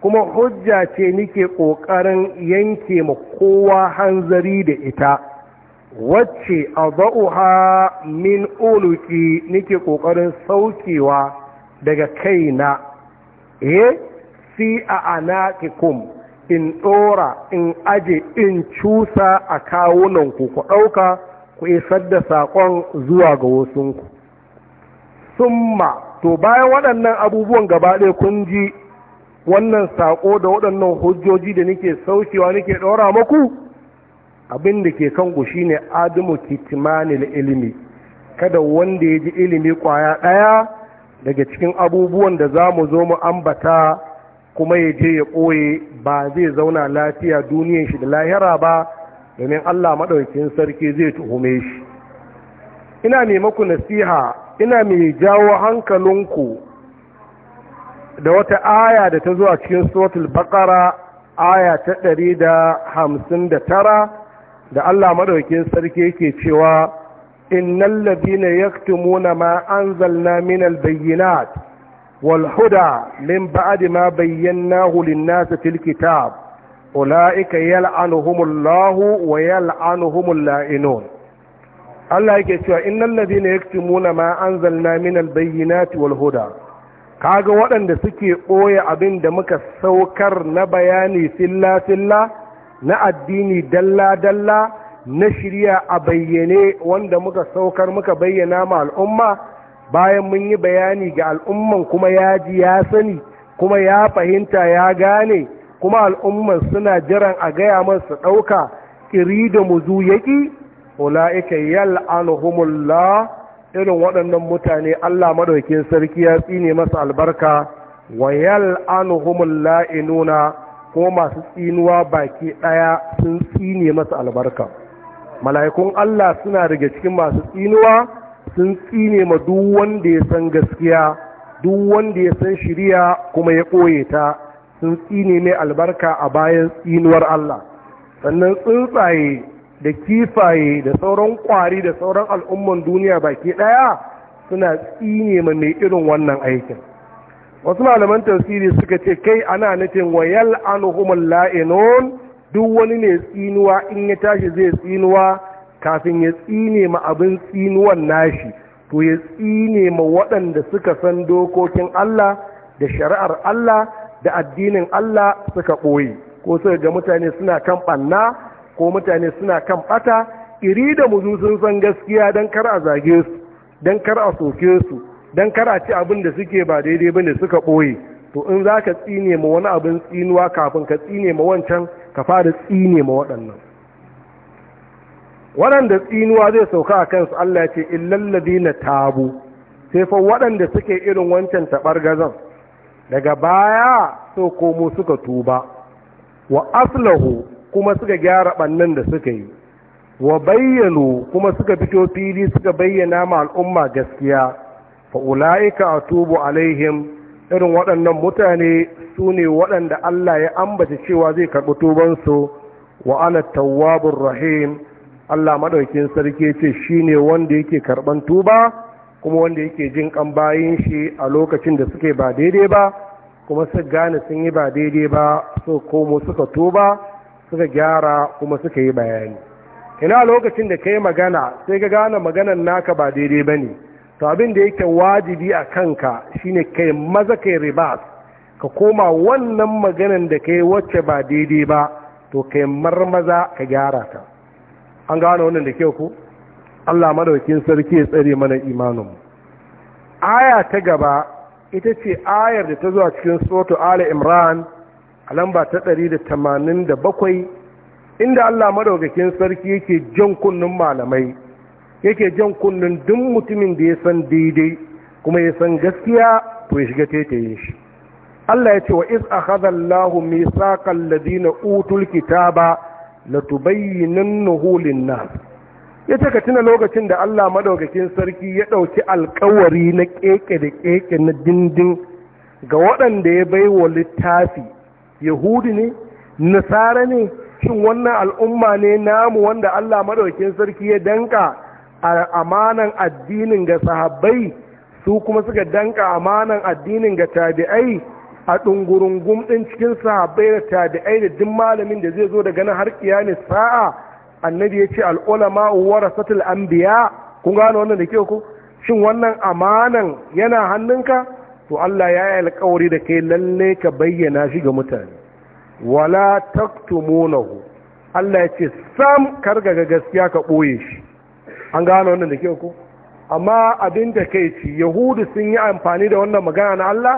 Speaker 1: kuma hujja ce nike ƙoƙarin yanke ma kowa hanzari da ita wacce a ha min uluki nike ƙoƙarin saukewa daga kaina eh fi a kum. in ɗora in aje in cusa a kawunanku ku ɗauka ku isar da saƙon zuwa ga wasunku summa to bayan waɗannan abubuwan gaba ɗaya kun ji wannan saƙo da waɗannan hujjoji da nike saukewa nike ɗora maku? abin da ke kanku shine adamu kitmanil ilimi kada wanda ya ji ilimi kwaya ɗaya daga cikin abubuwan da za mu zo mu ambata kuma ya je ya ɓoye ba zai zauna lafiya duniyan shi da lahira ba domin allah maɗaukin sarki zai tuhume shi ina mai maku nasiha ina mai jawo hankalinku da wata aya da ta zuwa cikin suratul baqara aya ta ɗari da hamsin da tara da Allah madaukakin sarki ke cewa innal ladina yaktumuna ma anzalna minal bayyinat wal huda min ba'di ma bayyanahu lin-nasi fil kitab ulaika yal'anuhumullahu wa yal'anuhumul la'inun Allah yake cewa innal ladina yaktumuna ma anzalna minal bayyinati wal huda kaga waɗanda suke ɓoye abin da muka saukar na bayani filla filla na addini dalla-dalla na shirya a bayyane wanda muka saukar muka bayyana ma al'umma bayan mun yi bayani ga al'umman kuma ya ji ya sani kuma ya fahimta ya gane kuma al'umman suna jiran a gaya masu ɗauka ƙiri da muzu yaƙi ula'ika yal'anuhumullah irin waɗannan mutane Allah madaukin sarki ya tsine masa albarka wa yal'anuhumul inuna. ko masu tsinuwa baki ɗaya sun tsine masa albarka mala'ikun Allah suna daga cikin masu tsinuwa sun tsine ma duk wanda ya san gaskiya duk wanda ya san shiriya kuma ya ɓoye ta sun tsine mai albarka a bayan tsinuwar Allah sannan tsuntsaye da kifaye da sauran kwari da sauran al'umman duniya baki ɗaya suna tsine ma mai irin wannan aikin wasu malaman tafsiri suka ce kai ana nufin wayal anuhumul la'inun duk wani ne tsinuwa in ya tashi zai tsinuwa kafin ya tsine ma abin tsinuwan nashi to ya tsine ma waɗanda suka san dokokin Allah da shari'ar Allah da addinin Allah suka ɓoye ko suka ga mutane suna kan ɓanna ko mutane suna kan ɓata iri da muzu sun san gaskiya don kar a zage su don kar a soke su don karaci abin da suke ba daidai bane suka ɓoye to in za ka tsine ma wani abin tsinuwa kafin ka tsine ma wancan ka fara tsine ma waɗannan waɗanda tsinuwa zai sauka a kansu Allah ce illallabi na tabu sai fa waɗanda suke irin wancan taɓar gazan daga baya so komo suka tuba wa aslahu kuma suka gyara ɓannan da suka yi wa bayyano kuma suka fito fili suka bayyana ma al'umma gaskiya fa ulaika atubu alaihim irin waɗannan mutane su ne waɗanda Allah ya ambata cewa zai karɓi tubansu wa ana tawwabur rahim Allah maɗaukin sarki ce shine wanda yake karɓan tuba kuma wanda yake jin kan bayin shi a lokacin da suke ba daidai ba kuma su gane sun yi ba daidai ba su komo suka tuba suka gyara kuma suka yi bayani ina lokacin da kai magana sai ka gane maganan naka ba daidai bane to abin da yake wajibi a kanka shine kai maza kai ribas ka koma wannan maganan da kai wacce ba daidai ba to kai marmaza ka gyara ta an gano wannan da kyau ko Allah madaukin sarki ya tsare mana imanin mu aya ta gaba ita ce ayar da ta zuwa cikin suratul ali imran a lamba ta 187 inda Allah madaukakin sarki yake jan kunnun malamai yake jan kunnen duk mutumin da ya san daidai kuma ya san gaskiya to ya shiga tetayin shi Allah ya ce wa iz akhadha Allahu mithaqa ladina utul kitaba latubayyinannahu lin-nas Ya ka tuna lokacin da Allah madaukakin sarki ya dauki alkawari na keke da keke na dindin ga waɗanda ya bai wa littafi yahudi ne nasara ne shin wannan al'umma ne namu wanda Allah madaukakin sarki ya danka amanan addinin ga sahabbai su kuma suka danka amanan addinin ga tabi'ai a ɗungurungun ɗin cikin sahabbai da tabi'ai da duk malamin da zai zo daga nan har nisa'a. sa'a annabi ya ce al'ulama warasatul anbiya kun gano wannan da ke ku shin wannan amanan yana hannunka to Allah ya yi alkawari da kai lalle ka bayyana shi ga mutane wala taktumunahu Allah ya ce sam karga ga gaskiya ka ɓoye shi an gano wannan da kyau ko amma abin da kai ci yahudu sun yi amfani da wannan magana na Allah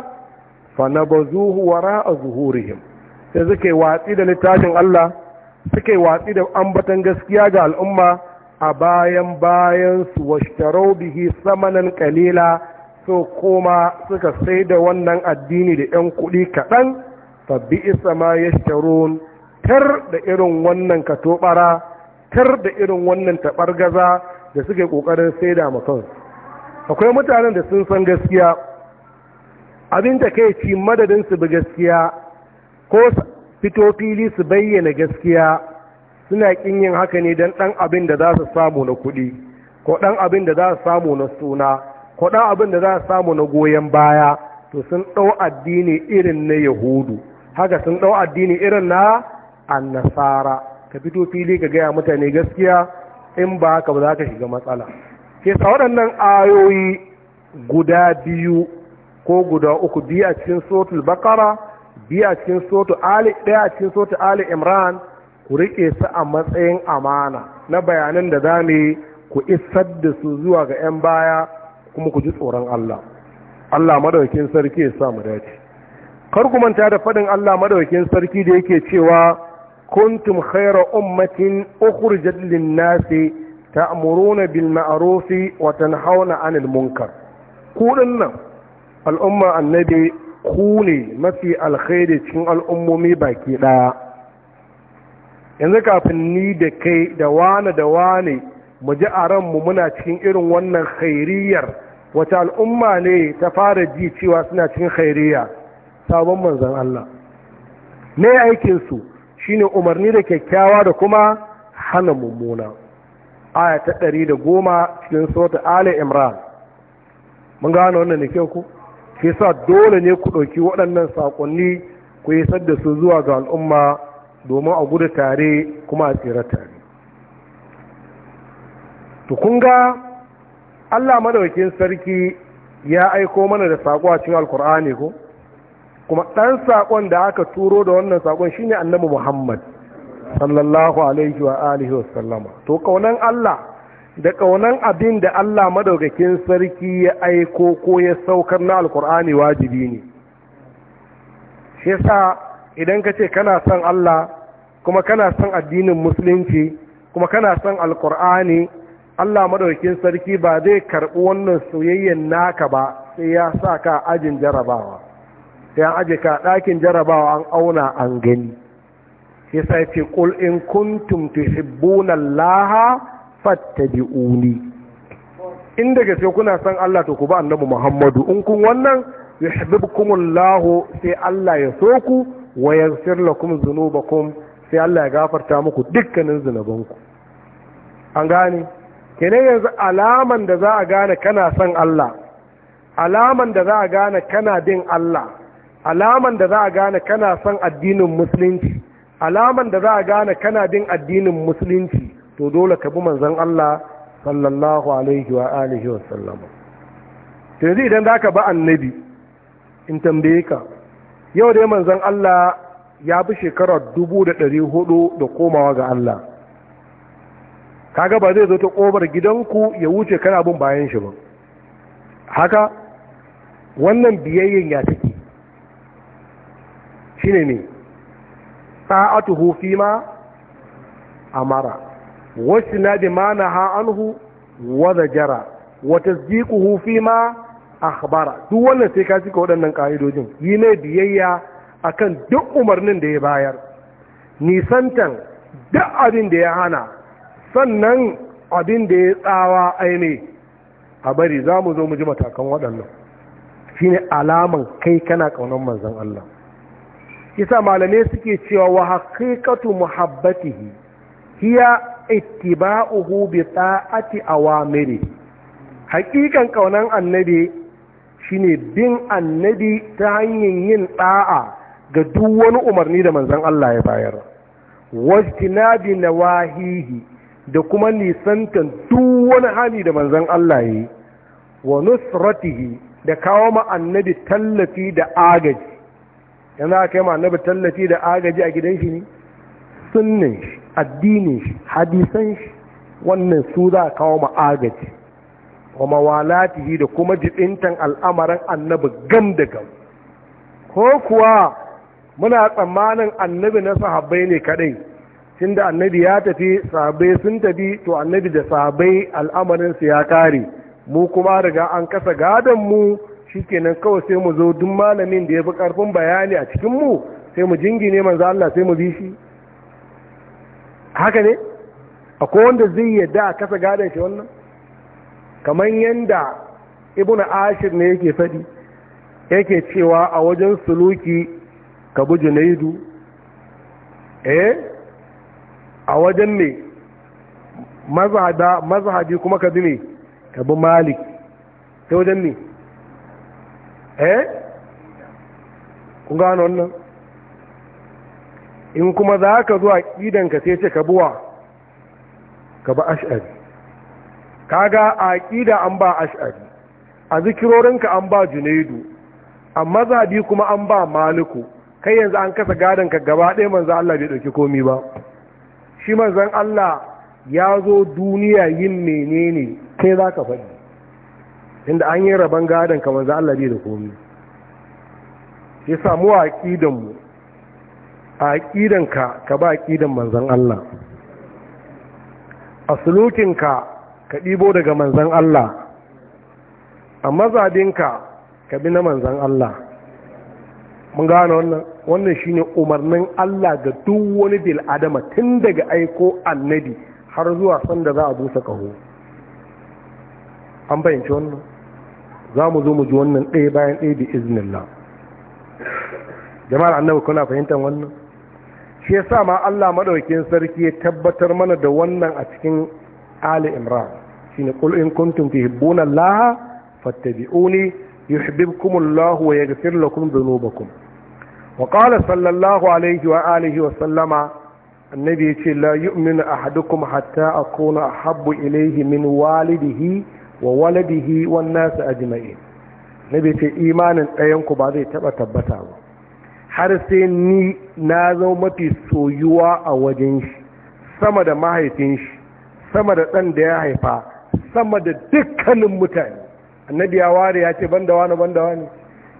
Speaker 1: fa nabazuhu wara zuhurihim sai suka watsi da littafin Allah suke watsi da ambatan gaskiya ga al'umma a bayan bayan su washtarau bihi samanan kalila so koma suka sai da wannan addini da 'yan kuɗi kaɗan bi isa ma ya tar da irin wannan katobara tar da irin wannan taɓargaza da suke kokarin saida da akwai mutanen da sun san gaskiya abin da kai ci madadin su bi gaskiya ko fito fili su bayyana gaskiya suna kin yin haka ne don ɗan abin da za su samu na kuɗi ko dan abin da za su samu na suna ko dan abin da za su samu na goyon baya to sun ɗau addini irin na yahudu haka sun ɗau addini irin na annasara ka fito fili ka gaya mutane gaskiya in ba haka ba za ka shiga matsala ke sa waɗannan ayoyi guda biyu ko guda uku biyu a cikin sotul bakara biyu a cikin sotu ali ɗaya a cikin ali imran ku riƙe su a matsayin amana na bayanan da za mu yi ku isar da su zuwa ga 'yan baya kuma ku ji tsoron Allah Allah madaukin sarki ya sa mu dace kar ku manta da faɗin Allah madaukin sarki da yake cewa kuntum khayra ummatin ukhrijat lin-nasi ta'muruna bil ma'ruf wa tanhauna 'anil munkar ku dinnan al'umma annabi ku ne mafi alkhairi cikin al'ummomi baki ɗaya. yanzu kafin ni da kai da wane da wane mu ji a ran mu muna cikin irin wannan hairiyar wata al'umma ne ta fara ji cewa suna cikin khairiyya sabon manzan Allah ne aikinsu Shi ne umarni da kyakkyawa da kuma hana mummuna aya ta ɗari da goma cikin sota ali imran mun gane wannan da kyau ku Ke sa dole ne ku ɗauki waɗannan saƙonni ku yi sadda su zuwa ga al'umma domin a gudu tare kuma a tsira tare to kun ga allah madaukin sarki ya aiko mana da saƙo a cikin alkur'ani ko kuma ɗan saƙon da aka turo da wannan saƙon shine annabi muhammad sallallahu alaihi wa alihi wa sallama to kaunan Allah da ƙaunan abin da Allah madaukakin sarki ya aiko ko ya saukar na alkur'ani wajibi ne shi yasa idan ka ce kana son Allah kuma kana son addinin musulunci kuma kana son alkur'ani Allah madaukakin sarki ba zai karɓi wannan soyayyen naka ba sai ya sa ka ajin jarabawa sai an aje ka ɗakin jarabawa an auna an gani yasa ya ce qul in kuntum tuhibbuna allaha fattabi'uni in daga sai kuna san Allah to ku ba annabi Muhammadu in kun wannan laho sai Allah ya so ku wa yaghfir lakum dhunubakum sai Allah ya gafarta muku dukkanin zunubanku an gane kene yanzu alaman da za a gane kana san Allah alaman da za a gane kana bin Allah alaman da za a gane kana son addinin musulunci alaman da za a gane kana bin addinin musulunci to dole ka bi manzon Allah sallallahu alaihi wa alihi wa sallam to yanzu idan zaka ba annabi in tambaye ka yau dai manzon Allah ya bi shekarar dubu da ɗari hudu da komawa ga Allah kaga ba zai zo ta kobar gidanku ya wuce kana bin bayan shi ba haka wannan biyayyen ya take shine ne sa'atuhu fi ma amara wasu na bi ma naha anhu jara wata wa fi ma akhbara duk wannan sai ka cika waɗannan ƙa'idojin yi mai biyayya akan duk umarnin da ya bayar nisantan duk abin da ya hana sannan abin da ya tsawa aine a bari za mu zo mu ji matakan waɗannan shine alaman kai kana ƙaunar manzon Allah kisa malamai suke cewa wa haqiqatu muhabbatihi hiya ittiba'uhu bi ta'ati awamiri haqiqan kaunan annabi shine bin annabi ta hanyar yin ɗa'a ga duk wani umarni da manzon Allah ya bayar wajtinabi nawahihi da kuma nisantan duk wani hali da manzon Allah yi wa nusratihi da kawo ma annabi tallafi da agaji yanzu aka kai ma annabi tallafi da agaji a gidan shi ne sunnin shi addinin shi hadisan shi wannan su za a kawo ma agaji wa da kuma jibintan al'amarin annabi gam da gam ko kuwa muna tsammanin annabi na sahabbai ne kadai tun da annabi ya tafi sahabbai sun tafi to annabi da sahabbai su ya kare mu kuma riga an kasa gadon mu kenan kawai sai mu zo duk malamin da ya fi karfin bayani a cikin mu sai mu jingine manzo Allah sai mu bi shi haka ne akwai wanda zai yadda a kasa gadon shi wannan kamar yadda ibnu ashir ne yake faɗi yake cewa a wajen suluki ka bi junaidu eh a wajen ne mazhabi kuma ka bi ne ka bi malik ta wajen ne eh ku gano wannan in kuma za ka zo a ƙidanka sai ce ka buwa ka ba ash'ari kaga a ƙida an ba ash'ari a zikirorinka an ba junaidu a mazabi kuma an ba maliku kai yanzu an kasa gadon ka gaba ɗaya manzo Allah bai ɗauki komai ba shi manzon Allah ya zo duniya yin menene kai za ka faɗi inda an yi rabon gadon kamar za Allah da komi ya samu a ƙidanmu a ƙidanka ka ba ƙidan manzan Allah a sulukinka ka ɗibo daga manzan Allah a mazaɗinka ka bi na manzan Allah mun gano wannan wannan shine umarnin Allah ga duk wani bil adama tun daga aiko annabi har zuwa sanda za a busa ƙaho an fahimci wannan za mu zo mu ji wannan ɗaya bayan ɗaya da la. jama'ar annabi kuna fahimtar wannan shi yasa ma Allah maɗaukin sarki ya tabbatar mana da wannan a cikin Ali Imran shine qul in kuntum tuhibbuna Allah fattabi'uni yuhibbukum Allah wa yaghfir lakum dhunubakum wa qala sallallahu alaihi wa alihi wa sallama annabi ya ce la yu'minu ahadukum hatta akuna ahabbu ilaihi min walidihi wa waladihi wan nasu ajma'in nabi ce imanin ɗayan ku ba zai taɓa tabbata ba har sai ni na zo mafi soyuwa a wajen shi sama da mahaifin shi sama da ɗan da ya haifa sama da dukkanin mutane annabi ya ware ya ce banda wani banda wani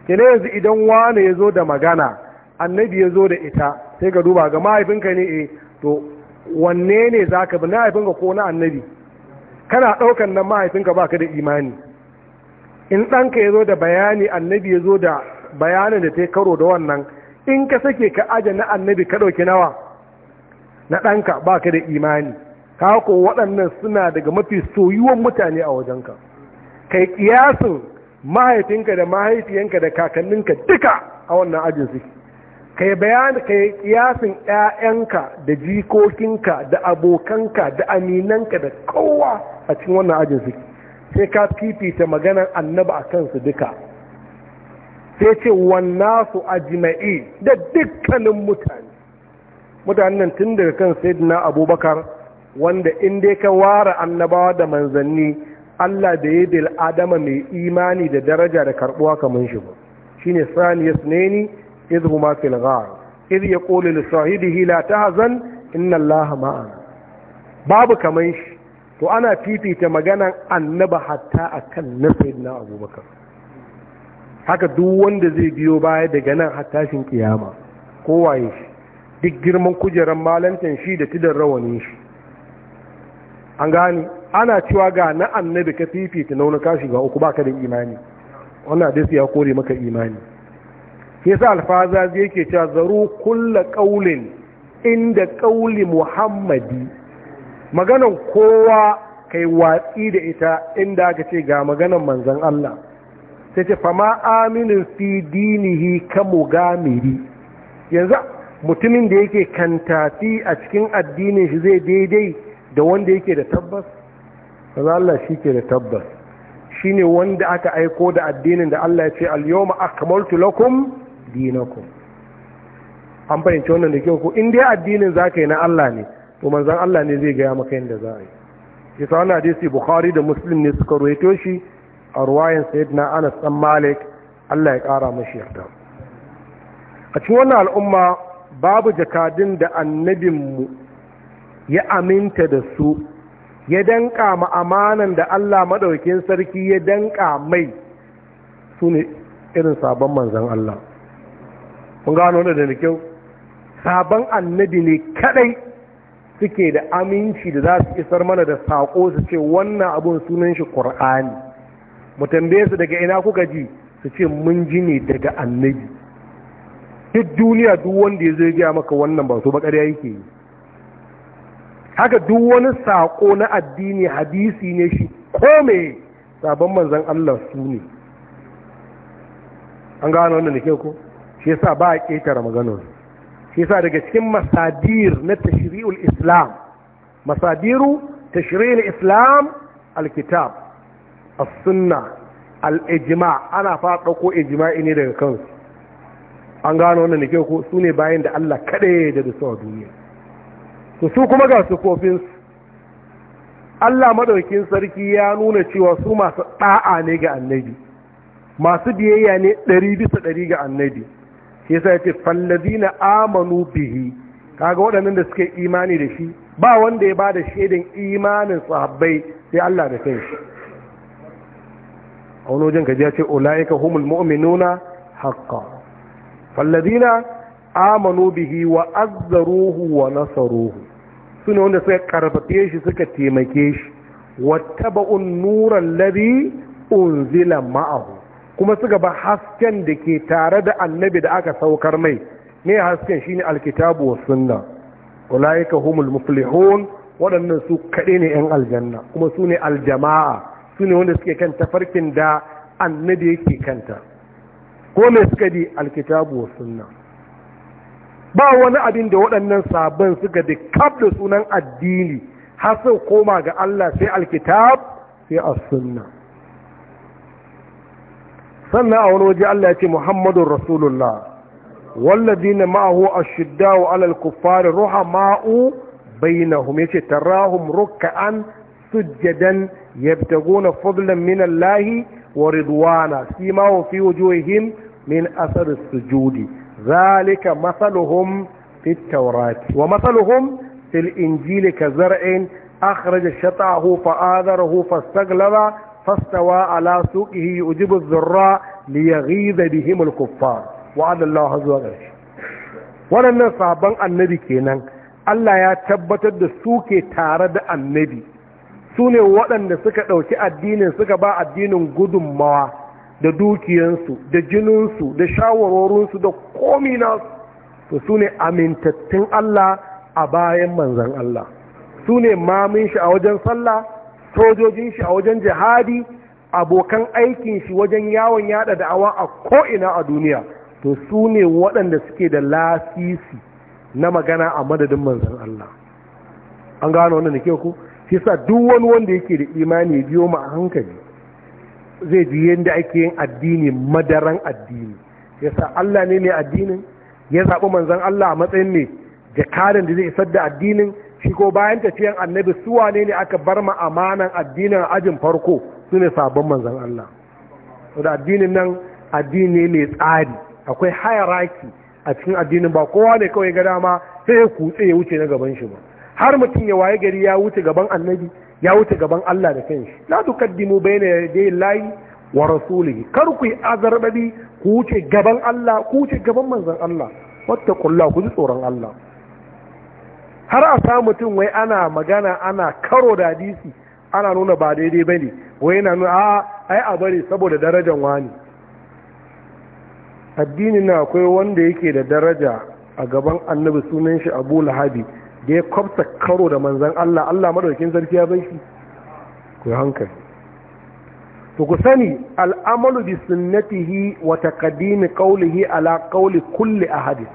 Speaker 1: ke ne yanzu idan wani ya zo da magana annabi ya zo da ita sai ka duba ga mahaifinka ne eh to wanne ne zaka bi na haifinka ko na annabi kana ɗaukan nan mahaifinka ba ka da imani in ɗanka ya zo da bayani annabi ya zo da bayanin da ta yi karo da wannan in ka sake ka aje na annabi ka ɗauki nawa na ɗanka ba ka da imani ka ko waɗannan suna daga mafi soyuwan mutane a wajenka kai kiyasin mahaifinka da mahaifiyanka da kakanninka duka a wannan ajin suke kai bayani kai kiyasin ƴaƴanka da jikokinka da abokanka da aminanka da kowa a cikin wannan ajin suke sai ka fifita maganar annaba a kansu duka sai ce su ajma'i da dukkanin mutane mutanen tun daga kan dina abubakar wanda inda dai ka ware annabawa da manzanni Allah da ya bil adama mai imani da daraja da karbuwa kamar shi ba shine saniyas ne idh huma fil ghar idh yaqulu li sahibihi la tahzan inna allaha ma'ana babu kaman shi to ana fifita maganan annaba hatta akan na sayyidina abubakar haka duk wanda zai biyo baya daga nan har tashin kiyama kowaye shi duk girman kujeran malantan shi da tidan rawanin shi an ana cewa ga na annabi ka fifita na wani kashi ga uku baka da imani wannan hadisi ya kore maka imani yasa alfaza zai yake cewa zaru kulla qaulin inda qauli muhammadi maganan kowa kai watsi da ita inda aka ce ga maganan manzon Allah sai ce fama aminin fi dinihi ka gamiri yanzu mutumin da yake kantafi a cikin addinin shi zai daidai da wanda yake da tabbas kaza Allah shi ke da tabbas shine wanda aka aiko da addinin da Allah ya ce al-yawma akmaltu lakum dinakum an fahimci wannan da kyau ko in dai addinin za ka yi na Allah ne to manzan Allah ne zai gaya maka yadda za a yi shi sa wani hadisi bukhari da muslim ne suka ruwaito shi a ruwayan na anas dan malik Allah ya kara mashi yarda a cikin wannan al'umma babu jakadun da annabinmu ya aminta da su ya danka ma amanan da Allah madaukin sarki ya danka mai su ne irin sabon manzan Allah kun gano da da kyau sabon annabi ne kadai suke da aminci da za su isar mana da saƙo su ce wannan abun sunan shi ƙur'ani mu tambaye su daga ina kuka ji su ce mun ji ne daga annabi duk duniya duk wanda ya zai gaya maka wannan ba su bakariya yake yi haka duk wani saƙo na addini hadisi ne shi ko me sabon manzan Allah su ne an gano wannan da kyau ko shi yasa ba a ƙetare maganar shi yasa daga cikin masadir na tashri'ul islam masadiru tashri'ul islam alkitab as-sunna al-ijma ana fara dauko ijma'i ne daga kansu an gano wannan da ko su ne bayan da Allah kaɗai ya da su a duniya to su kuma ga su. Allah madaukin sarki ya nuna cewa su masu ɗa'a ne ga annabi masu biyayya ne ɗari bisa ɗari ga annabi shi yasa yace fallazina amanu bihi kaga waɗannan da suke imani da shi ba wanda ya ba da shaidan imanin sahabbai sai Allah da kanshi a wani wajen gaji ce ulaika humul mu'minuna haqqan fallazina amanu bihi wa azzaruhu wa nasaruhu sune wanda suka karfafe shi suka taimake shi wattaba'un nuran ladhi unzila ma'ahu kuma su ba hasken da ke tare da annabi da aka saukar mai ne hasken shine alkitabu wa sunna ulaika humul muflihun waɗannan su kaɗai ne 'yan aljanna kuma su ne aljama'a su ne wanda suke kan tafarkin da annabi yake kanta ko mai suka di alkitabu wa sunna ba wani abin da waɗannan sabon suka di kaf da sunan addini har koma ga Allah sai alkitab sai as sunna سنة أولوجي الله يتي محمد رسول الله والذين معه الشداء على الكفار روح معه بينهم يتي تراهم ركعا سجدا يبتغون فضلا من الله ورضوانا سيما في وجوههم من أثر السجود ذلك مثلهم في التوراة ومثلهم في الإنجيل كزرع أخرج شطعه فآذره فاستغلظ Fassawa ala suqihi yujibu zurra li yaghiza bihim al-kuffar wa Allah azza wa waɗannan sabon annabi kenan Allah ya tabbatar da su ke tare da annabi su ne waɗanda suka ɗauki addinin suka ba addinin gudunmawa da dukiyansu da jininsu da shawarorinsu da komi nasu to su ne amintattun Allah a bayan manzan Allah su ne mamin shi a wajen sallah sojojin shi a wajen jihadi abokan aikin shi wajen yawon yada da'awa a ko'ina a duniya to su ne waɗanda suke da lasisi na magana a madadin manzan Allah an gano wannan da ke ku shi sa duk wani wanda yake da imani biyo ma a hankali zai ji yadda ake yin addini madaran addini ya sa Allah ne mai addinin ya zaɓi manzan Allah a matsayin ne jakadan da zai isar da addinin shi ko bayan tafiyan annabi su wane ne aka bar ma amanan addinin ajin farko su ne sabon manzan Allah da addinin nan addini ne mai tsari akwai hierarchy a cikin addinin ba kowa ne kawai ga dama sai ya kutse ya wuce na gaban shi ba har mutum ya waye gari ya wuce gaban annabi ya wuce gaban Allah da kan kanshi la tukaddimu baina yaday layi wa rasulihi kar ku azarbabi ku wuce gaban Allah ku wuce gaban manzan Allah kulla ku ji tsoron Allah har a samu mutum wai ana magana ana karo da hadisi ana nuna ba daidai ba ne wai na nuna a ai a bari saboda darajan wani addini na akwai wanda yake da daraja a gaban annabi sunan shi abu lahabi da ya kwabta karo da manzan allah allah madaukin sarki ya bai shi ku hankali to ku sani al'amalu bi sunnatihi wa taqdimi qawlihi ala qawli kulli ahadith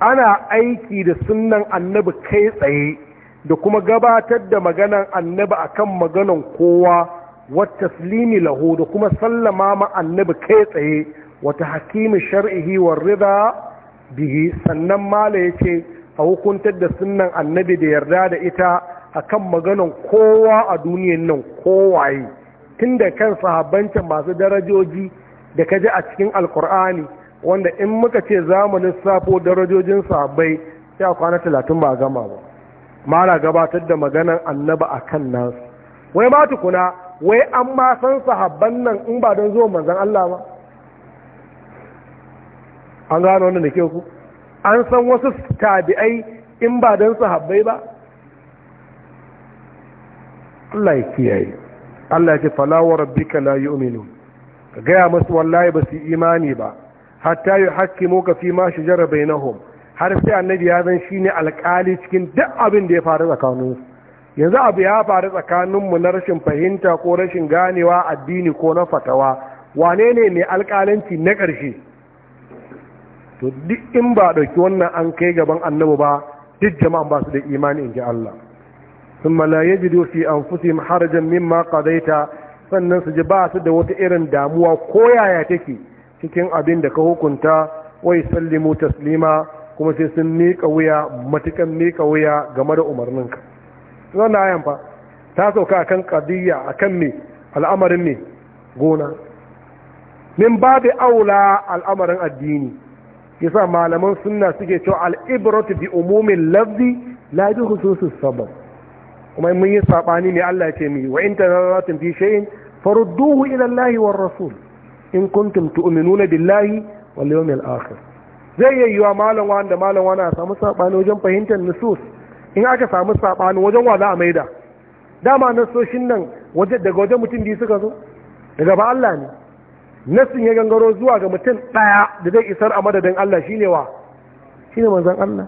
Speaker 1: ana aiki da sunan annabi kai tsaye da kuma gabatar da maganan annabi akan maganan kowa wata slimi lahu da kuma sallama ma annabi kai tsaye wata hakimi shar'ihi wa rida bihi sannan mala ya ce a hukuntar da sunan annabi da yarda da ita akan maganan kowa a duniyan nan kowaye tun da kan sahabbancin masu darajoji da ka ji a cikin alkur'ani wanda in muka ce za mu lissafo darajojin sahabbai sai a kwana talatin ba gama ba mara gabatar da maganar annaba a kan nasu wai ma tukuna wai an ma san sahabban nan in ba don zuwa manzan Allah ba an gano wannan da ke ku an san wasu tabi'ai in ba don sahabbai ba Allah ya kiyaye Allah ya ce falawar bika rabbika la yu'minu ka gaya musu wallahi ba su imani ba hatta yi haƙƙi moka fi ma shi jara bai har sai annabi ya zan shi ne alƙali cikin duk abin da ya faru tsakaninsu yanzu abu ya faru tsakaninmu na rashin fahimta ko rashin ganewa addini ko na fatawa wane ne mai alƙalanci na ƙarshe to duk in ba ɗauki wannan an kai gaban annabu ba duk jama'an ba su da imani in ji Allah sun malaye jido fi fusi harajan mimma qadaita sannan su ji ba su da wata irin damuwa ko yaya take cikin abin da ka hukunta wai sallimu taslima kuma sai sun miƙa wuya matukan miƙa wuya game da umarninka na ayan fa ta sauka akan qadiyya akan me al'amarin me gona min babu aula al'amarin addini yasa malaman sunna suke cewa al'ibratu bi umumin lafzi la bi khususis sabab kuma mun yi sabani ne Allah ya ce mi wa in tanaratum fi shay'in farudduhu ila Allah war rasul in kuntum tu'minuna billahi wal yawmil akhir zai yi yiwa malam wa da malam wani samu sabani wajen fahimtar nusus in aka samu sabani wajen wa za a maida dama nasoshin nan daga wajen mutum biyu suka zo daga ba Allah ne nasin ya gangaro zuwa ga mutum ɗaya da zai isar a madadin Allah shine wa shine manzon Allah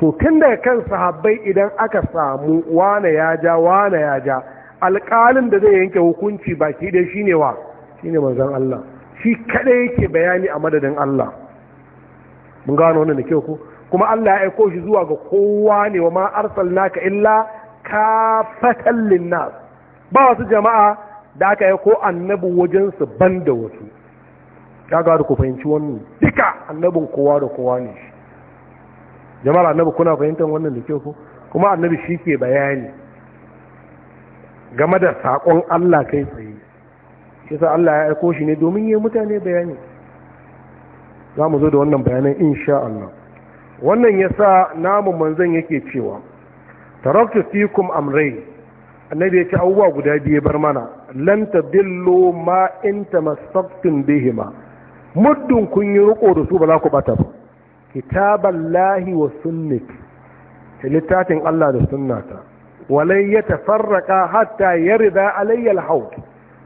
Speaker 1: to tun daga kan sahabbai idan aka samu wane ya ja wane ya ja alƙalin da zai yanke hukunci baki da shine wa shine manzon Allah shi kadai yake bayani a madadin Allah mun gano wannan da kyau ko kuma Allah ya aiko shi zuwa ga kowa ne wa ma arsalnaka illa kafatan linnas ba wasu jama'a da aka yi ko annabi wajen su banda wasu Ya da ku fahimci wannan duka annabin kowa da kowa ne shi jama'ar annabi kuna fahimtar wannan da kyau ko kuma annabi shi ke bayani game da saƙon Allah kai tsaye shi Allah ya aiko shi ne domin yi mutane bayani za mu zo da wannan bayanan insha Allah wannan ya sa namun manzan yake cewa Tarakta fikum amrai annabi ya ce abubuwa guda biyu bar mana lan tadillu ma in tamassaktum bihima muddin kun yi riko da su ba za ku bata ba kitaballahi wa sunnati littafin Allah da sunnata walai ya tafarraka hatta yarda alayya alhaut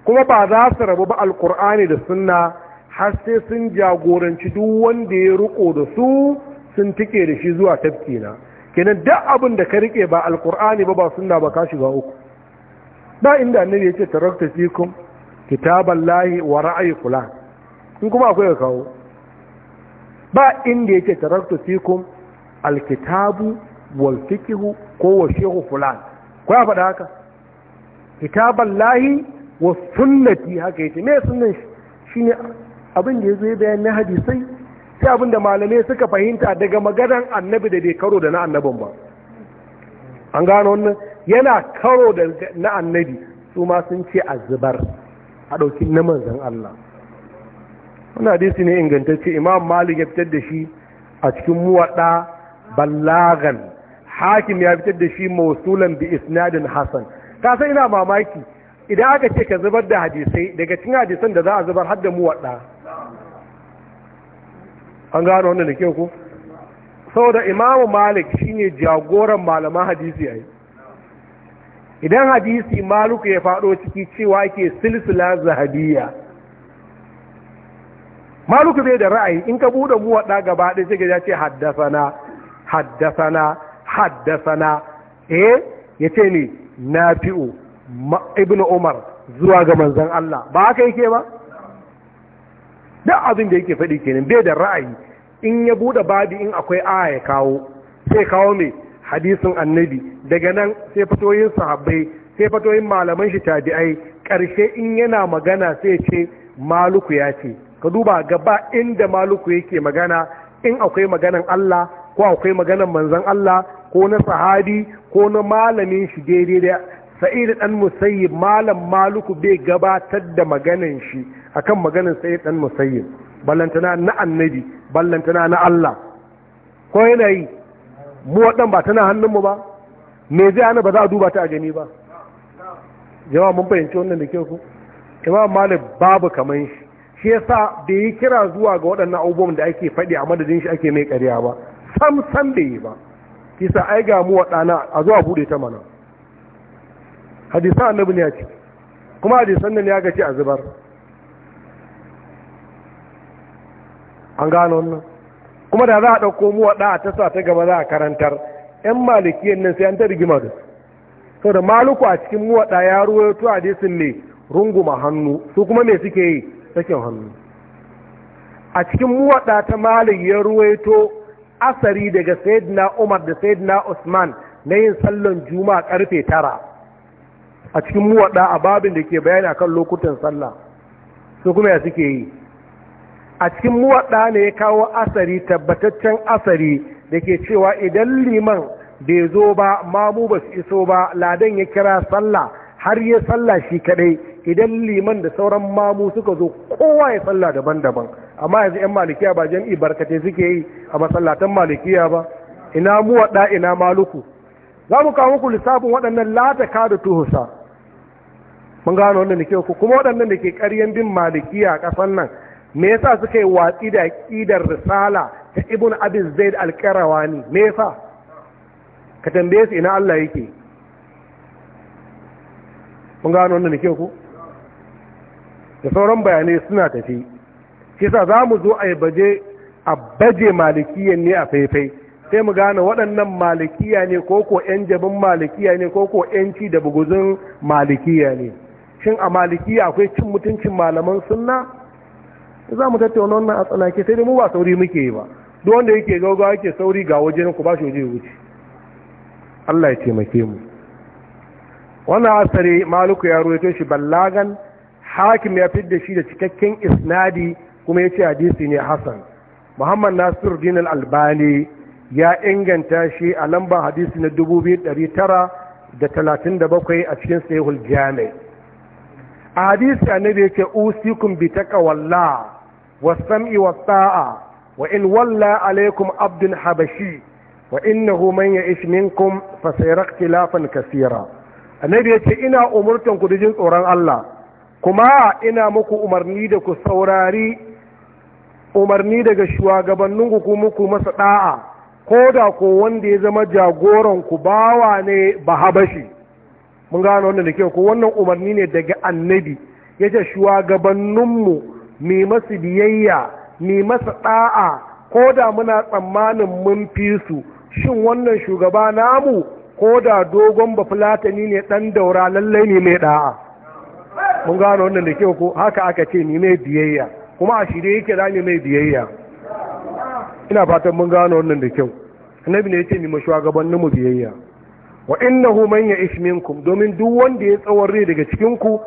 Speaker 1: kuma ba za su rabu ba alkur'ani da sunna har sai sun jagoranci duk wanda ya riko da su sun tike da shi zuwa tafki na kenan duk abin da ka rike ba alkur'ani ba ba sunna ba ka shiga uku ba inda annabi ya ce tarakta fikum kitaban lahi wa ra'ayi kula in kuma akwai ka kawo ba inda ya ce tarakta fikum alkitabu wal fikihu ko wa shehu fulan ko ya faɗa haka kitaban lahi wa sunnati haka yace me sunnan shi shine abin da yazo ya bayyana na hadisai sai abin da malamai suka fahimta daga maganar annabi da bai karo da na annabin ba an gano wannan yana karo da na annabi su ma sun ce a zubar a ɗauki na manzan Allah wani hadisi ne ingantacce imam malik ya fitar da shi a cikin muwaɗa ballagan hakim ya fitar da shi mawsulan bi isnadin hasan ka san ina mamaki idan aka ce ka zubar da hadisai daga cikin hadisan da za a zubar hada mu wadda an gano wannan da kyau sau saboda imamu malik shine jagoran malaman hadisi yi idan hadisi maluku ya faɗo ciki cewa ke silsila zahabiya maluku bai da ra'ayi in ka buɗe mu wadda gaba ɗaya shiga ya ce haddasana haddasana haddasana eh yace ne nafi'u ibn umar zuwa ga manzan Allah ba haka yake ba da abin da yake faɗi kenan bai da ra'ayi in ya buɗe babi in akwai aya ya kawo sai kawo mai hadisin annabi daga nan sai fatoyin sahabbai sai fatoyin malaman shi tabi'ai Karshe in yana magana sai ce maluku ya ce ka duba gaba inda maluku yake magana in akwai maganan Allah ko akwai maganan manzan Allah ko na sahabi ko na malamin shi daidai sa'id dan musayyib malam maluku bai gabatar da maganan shi akan maganan sa'id dan musayyib ballantana na annabi ballantana na Allah ko yana yi mu wadan ba tana hannunmu ba me zai hana ba za a duba ta a gani ba jama'a mun fahimci wannan da kyau ku imam malik babu kaman shi shi yasa bai yi kira zuwa ga waɗannan abubuwan da ake faɗi a madadin shi ake mai ƙarya ba sam sam bai yi ba kisa ai ga mu waɗana a zuwa buɗe ta mana hadisan annabi ne a ce kuma hadisan nan ya gaci a zubar an gano wannan kuma da za a ɗauko mu waɗa a tasa ta gaba za a karantar yan malikiyan nan sai an ta rigima da su da maluku a cikin mu waɗa ya ruwaito hadisin ne runguma hannu su kuma me suke yi sakin hannu a cikin mu waɗa ta malik ya ruwaito asari daga sayyidina umar da sayyidina usman na yin sallan juma'a karfe tara a cikin muwaɗa a babin da ke bayani kan lokutan sallah su kuma ya suke yi a cikin muwaɗa ne ya kawo asari tabbataccen asari da ke cewa idan liman bai zo ba mamu ba su iso ba ladan ya kira sallah har ya sallah shi kadai idan liman da sauran mamu suka zo kowa ya sallah daban-daban amma yanzu 'yan malikiya ba jam'i barkatai suke yi a masallatan malikiya ba ina muwaɗa ina maluku za mu kawo muku lissafin waɗannan lataka da tuhusa mun gano wannan da ku? kuma waɗannan da ke ƙaryan bin malikiya a ƙasar nan me yasa suka yi watsi da ƙidar risala ta ibn abin zaid ne, me yasa ka tambaye su ina Allah yake mun gano wannan da ke ku da sauran bayanai suna tafi kisa za mu zo a yi baje a baje malikiyan ne a faifai sai mu gane waɗannan malikiya ne ko ko 'yan jabin malikiya ne ko ko 'yanci da buguzun malikiya ne shin a malikiya akwai cin mutuncin malaman sunna za mu tattauna wannan a tsanake sai dai mu ba sauri muke yi ba duk wanda yake gauga yake sauri ga waje ku ba shi waje wuce Allah ya taimake mu wannan asare maluku ya ruwaito shi ballagan hakim ya fidda shi da cikakken isnadi kuma ya ce hadisi ne hasan muhammad nasir din albani ya inganta shi a lambar hadisi na 2937 a cikin sahihul jami' a hadisi annabi yake usikum bi taqwalla was-sam'i was-ta'a wa in walla alaykum abdun habashi wa innahu man ya'ish minkum fa sayara ikhtilafan kaseera annabi yace ina umurtan ku dijin tsoron Allah kuma ina muku umarni da ku saurari umarni daga shugabannin ku ku masa da'a ko ko wanda ya zama jagoran ku bawa ne ba habashi mun gano wannan da kyau ko wannan umarni ne daga annabi ya ce shugabanninmu mai masu biyayya mai masa ɗa'a ko da muna tsammanin mun fi su shin wannan shugaba namu ko da dogon bafulatani ne ɗan daura lallai ne mai ɗa'a mun gano wannan da kyau ko haka aka ce ni mai biyayya kuma a shirye yake za mai biyayya ina fatan mun gano wannan da kyau annabi ne ya ce ni mu shugabanninmu biyayya wa innahu man ya'ish minkum domin duk wanda ya tsawon rai daga cikin ku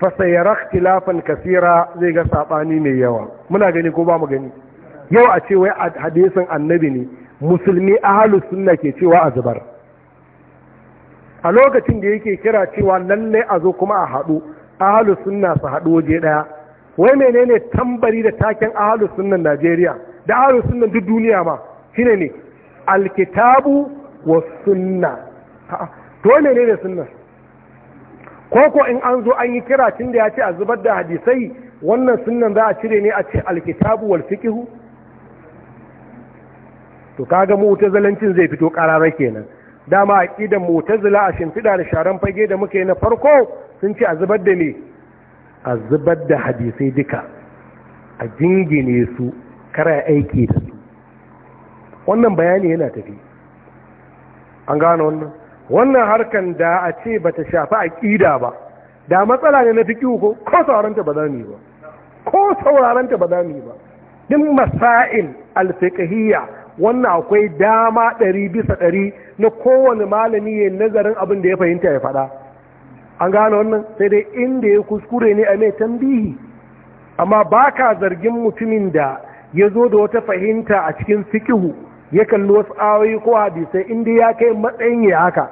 Speaker 1: fa sayara ikhtilafan kaseera zai ga sabani mai yawa muna gani ko ba mu gani yau a ce wai hadisin annabi ne musulmi ahlu sunna ke cewa a zubar a lokacin da yake kira cewa lallai a zo kuma a hadu ahlu sunna su hadu waje daya, wai menene tambari da taken ahlu sunna Najeriya da ahlu sunna duk duniya ma shine ne alkitabu wa sunna to menene ne sunnar Ko in an zo an yi kira tun da ya ce a zubar da hadisai wannan sunnan za a cire ne a ce alkitabu wal to kaga mu'tazilancin zai fito karara kenan dama aqidan mu'tazila a shimfida da sharan fage da muke na farko sun ce a zubar da ne a zubar da hadisai duka a jingine su kara aiki da su wannan bayani yana tafi an gane wannan wannan harkan da a ce ba ta shafi aƙida ba da matsala ne na fiƙihu ko ko sauraranta ba za mu yi ba ko sauraranta ba za mu yi ba din masail alfiqhiyya wannan akwai dama ɗari bisa ɗari na kowane malami ya nazarin abin da ya fahimta ya faɗa an gano wannan sai dai inda ya kuskure ne a mai tambihi amma ba ka zargin mutumin da ya zo da wata fahimta a cikin fikihu ya kalli wasu awai ko hadisai inda ya kai matsayin ya haka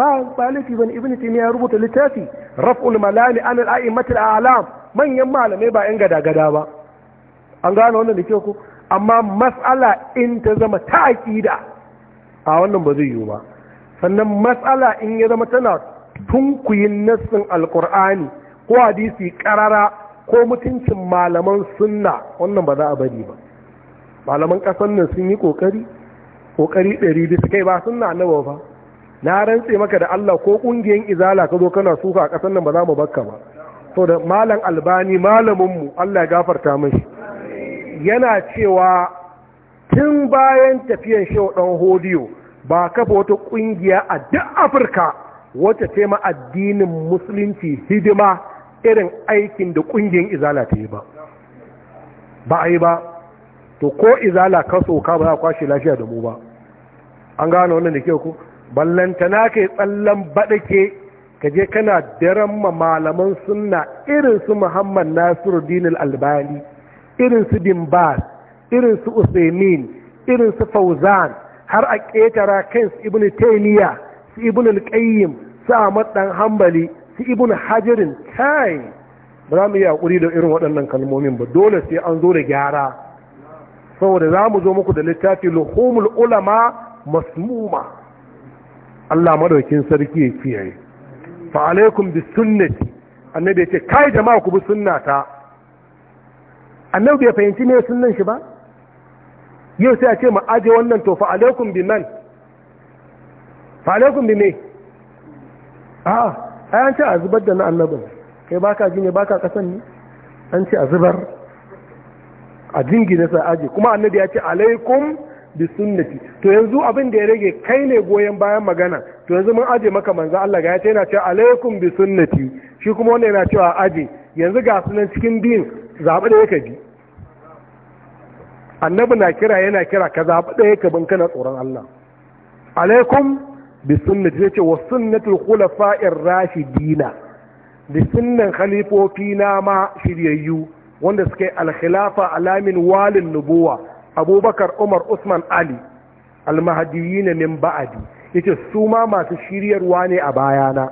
Speaker 1: ba ba laifi bane ya rubuta littafi raf'ul malami an al-a'immatul a'lam manyan malamai ba yan gada-gada ba an gane wannan da kyau ko amma mas'ala in ta zama ta aqida a wannan ba zai yiwu ba sannan masala in ya zama tana tunkuyin nassin alkur'ani ko hadisi karara ko mutuncin malaman sunna wannan ba za a bari ba malaman kasan nan sun yi kokari kokari ɗari bisa kai ba sunna nawa ba na rantse maka da Allah ko ƙungiyar izala ka zo kana suka a kasan nan ba za mu bakka ba so da malam albani malamin mu Allah ya gafarta mishi yana cewa tun bayan tafiyan shehu dan hodiyo ba kafa wata kungiya a duk Afirka wata tema addinin musulunci hidima irin aikin da ƙungiyar izala ta yi ba ba a yi ba to ko izala kaso ka ba za kwashe lafiya da mu ba an gane wannan da kyau ko ballantana kai tsallan baɗake ka je kana daren ma malaman sunna irin su muhammad nasiruddin albani irin su dimbas irin su usaimin irin su fauzan har a ƙetara su ibn taimiyya su ibn alƙayyim su ahmad ɗan hambali su ibn hajarin kai ba za mu yi haƙuri da irin waɗannan kalmomin ba dole sai an zo da gyara saboda za mu zo muku da littafi luhumul ulama masmuma Allah madaukin sarki ya kiyaye fa alaikum bis sunnati annabi yace kai jama'a ku bi sunnata annabi bai fahimci ne sunnan shi ba yau sai a ce mu aje wannan to fa alaikum bi man fa alaikum bi me a ai an ce a zubar da na annabin kai baka ji ne baka kasan ne an ce a zubar a jingine sa aje kuma annabi ya ce alaikum bi sunnati to yanzu abin da ya rage kai ne goyon bayan magana to yanzu mun aje maka manzo Allah ga ya ce yana cewa alaikum bi sunnati shi kuma wannan yana cewa aje yanzu ga sunan cikin din zabi da yake bi annabi na kira yana kira ka zabi da yake bin kana tsoron Allah alaikum bi sunnati ce wa sunnatul khulafa'ir rashidina da sunnan khalifofi na ma shiryayyu wanda suka yi alkhilafa alamin walin nubuwa abubakar umar usman ali ne min ba'adi yace su ma masu shiryarwa ne a bayana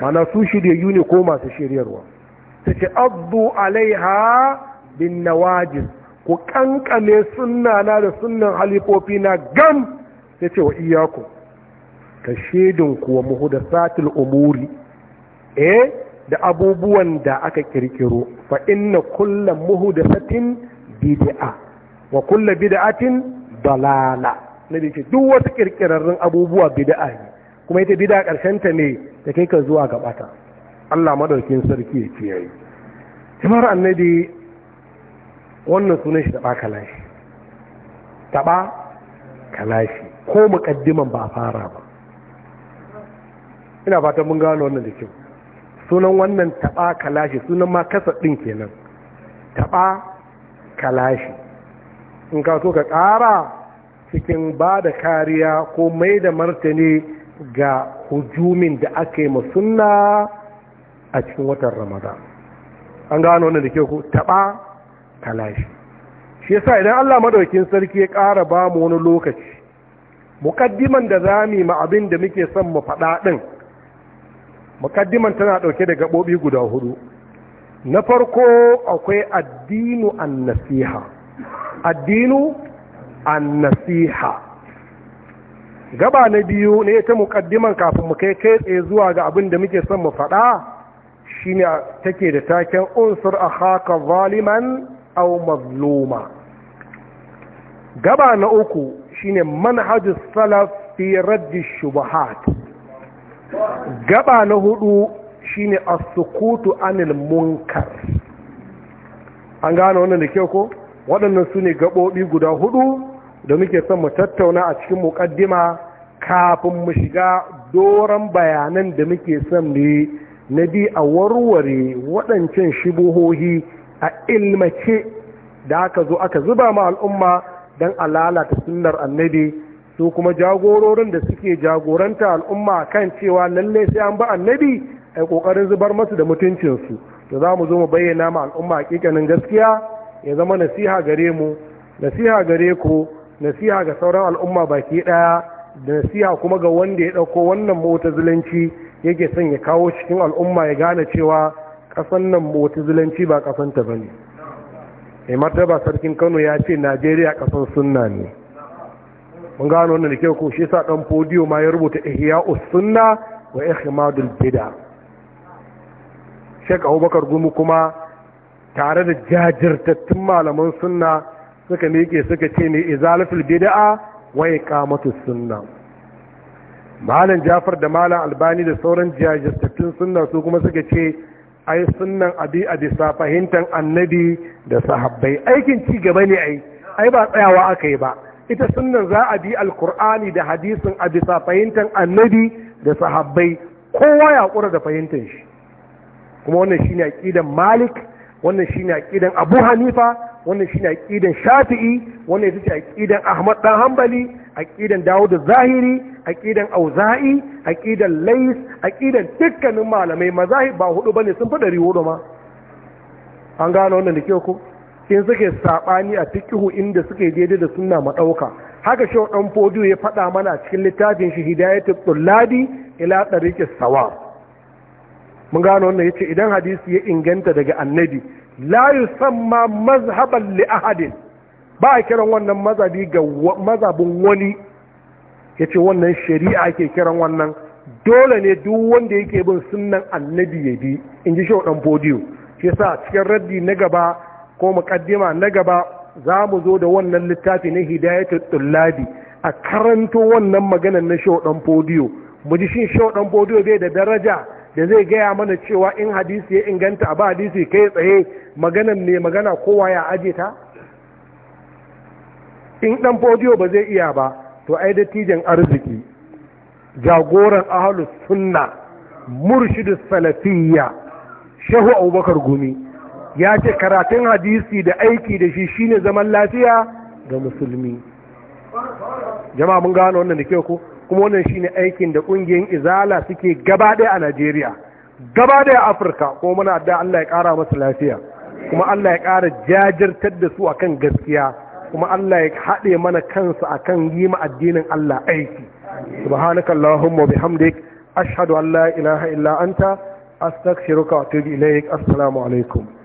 Speaker 1: mana su shiryayyu ne ko masu shiryarwa ce abdu alaiha bin nawajis ku kankane sunna na da sunnan halifofi na gam yace wa iyaku ka shedin kuwa muhdasatul umuri eh da abubuwan da aka kirkiro fa inna da muhdasatin bid'a wa kulla bid'atin dalala nabi ce duk wasu kirkirarrun abubuwa bid'a ne kuma ita bid'a karshen ta ne da kai ka zuwa ga bata Allah madaukin sarki ya kiyaye kamar annabi wannan sunan shi taba kalashi taba kalashi ko muqaddiman ba a fara ba ina fatan mun gano wannan da kyau sunan wannan taba kalashi sunan ma kasa din kenan taba kalashi in ka so ka ƙara cikin ba da kariya ko mai da martani ga hujumin da aka yi masunna a cikin watan ramadan an gano wanda da ke ku taɓa kalashi shi yasa idan allah madaukin sarki ya ƙara ba mu wani lokaci mukaddiman da za mu ma abin da muke son mu faɗa ɗin mukaddiman tana ɗauke da gaɓoɓi guda hudu na farko akwai addinu an nasiha addinu an nasiha gaba na biyu ne ta mukaddiman kafin mu kai kai tsaye zuwa ga abin da muke son mu faɗa shine take da taken unsur a haka zaliman aw mazluma gaba na uku shine manhajus salaf fi raddi shubuhat gaba na hudu shine a sukutu anil munkar an gane wannan da kyau ko waɗannan su ne gaɓoɓi guda hudu da muke son mu tattauna a cikin muƙaddima kafin mu shiga doron bayanan da muke son ne na bi a warware waɗancan shibuhohi a ilmace da aka zo aka zuba ma al'umma don a lalata sunnar annabi su kuma jagororin da suke jagoranta al'umma kan cewa lalle sai an ba annabi a ƙoƙarin zubar masu da mutuncinsu da za mu zo mu bayyana ma al'umma ƙiƙanin gaskiya ya zama nasiha gare mu nasiha gare ku nasiha ga sauran al'umma baki ɗaya da nasiha kuma ga wanda ya dauko wannan mota zulunci yake son ya kawo cikin al'umma ya gane cewa kasan nan mota zulunci ba ƙasanta ta bane. mai martaba sarkin kano ya ce najeriya ƙasan sunna ne mun gano wannan da kyau ko shi sa dan fodiyo ma ya rubuta us sunna wa ihmadul bid'a shek abubakar gumu kuma tare da jajirtattun malaman sunna suka miƙe suka ce ne izalatul bid'a wa iqamatus sunna malam Jafar da malam Albani da sauran jajirtattun sunna su kuma suka ce ai sunnan abi a bisa fahimtar annabi da sahabbai aikin ci gaba ne ai ai ba tsayawa aka yi ba ita sunnan za a bi alkur'ani da hadisin a bisa fahimtar annabi da sahabbai kowa ya kura da fahimtar shi kuma wannan shine aqidan malik wannan shine aqidan Abu Hanifa wannan shine aqidan Shafi'i wannan ita a aqidan Ahmad dan Hanbali aqidan Dawud Zahiri aqidan Auza'i aqidan Lais aqidan dukkanin malamai mazahib ba hudu bane sun fi dari hudu ma an gano wannan da ke ku in suke sabani a fiqhu inda suke daidai da sunna madauka haka shi dan fodiyo ya faɗa mana cikin littafin shi hidayatul Ladi ila tariqis sawab mun gano wannan yace idan hadisi ya inganta daga annabi la yusamma mazhaban li ahadin ba a kiran wannan mazhabi ga mazhabin wani yace wannan shari'a ake kiran wannan dole ne duk wanda yake bin sunnan annabi ya bi in ji shau dan podium shi yasa cikin raddi na gaba ko muqaddima na gaba za mu zo da wannan littafi na hidayatul tullabi a karanto wannan maganar na shau dan podium mu ji shin shau dan podium bai da daraja da zai gaya mana cewa in hadisi ya inganta ba hadisi kai tsaye maganan ne magana kowa ya aje ta in ɗan fodiyo ba zai iya ba to ai dattijan arziki jagoran ahlus sunna murshidu salafiyya shehu abubakar gumi ya ce karatun hadisi da aiki da shi shine zaman lafiya ga musulmi jama'a mun gano wannan da ke ku kuma wannan shine aikin da ƙungiyar izala suke gaba ɗaya a najeriya gaba ɗaya afirka ko muna da allah ya ƙara masu lafiya kuma allah ya ƙara jajirtar da su akan gaskiya kuma allah ya haɗe mana kansu akan yi ma addinin allah aiki subhanaka allahumma bihamdik ashhadu an la ilaha illa anta astaghfiruka wa atubu ilaik assalamu alaikum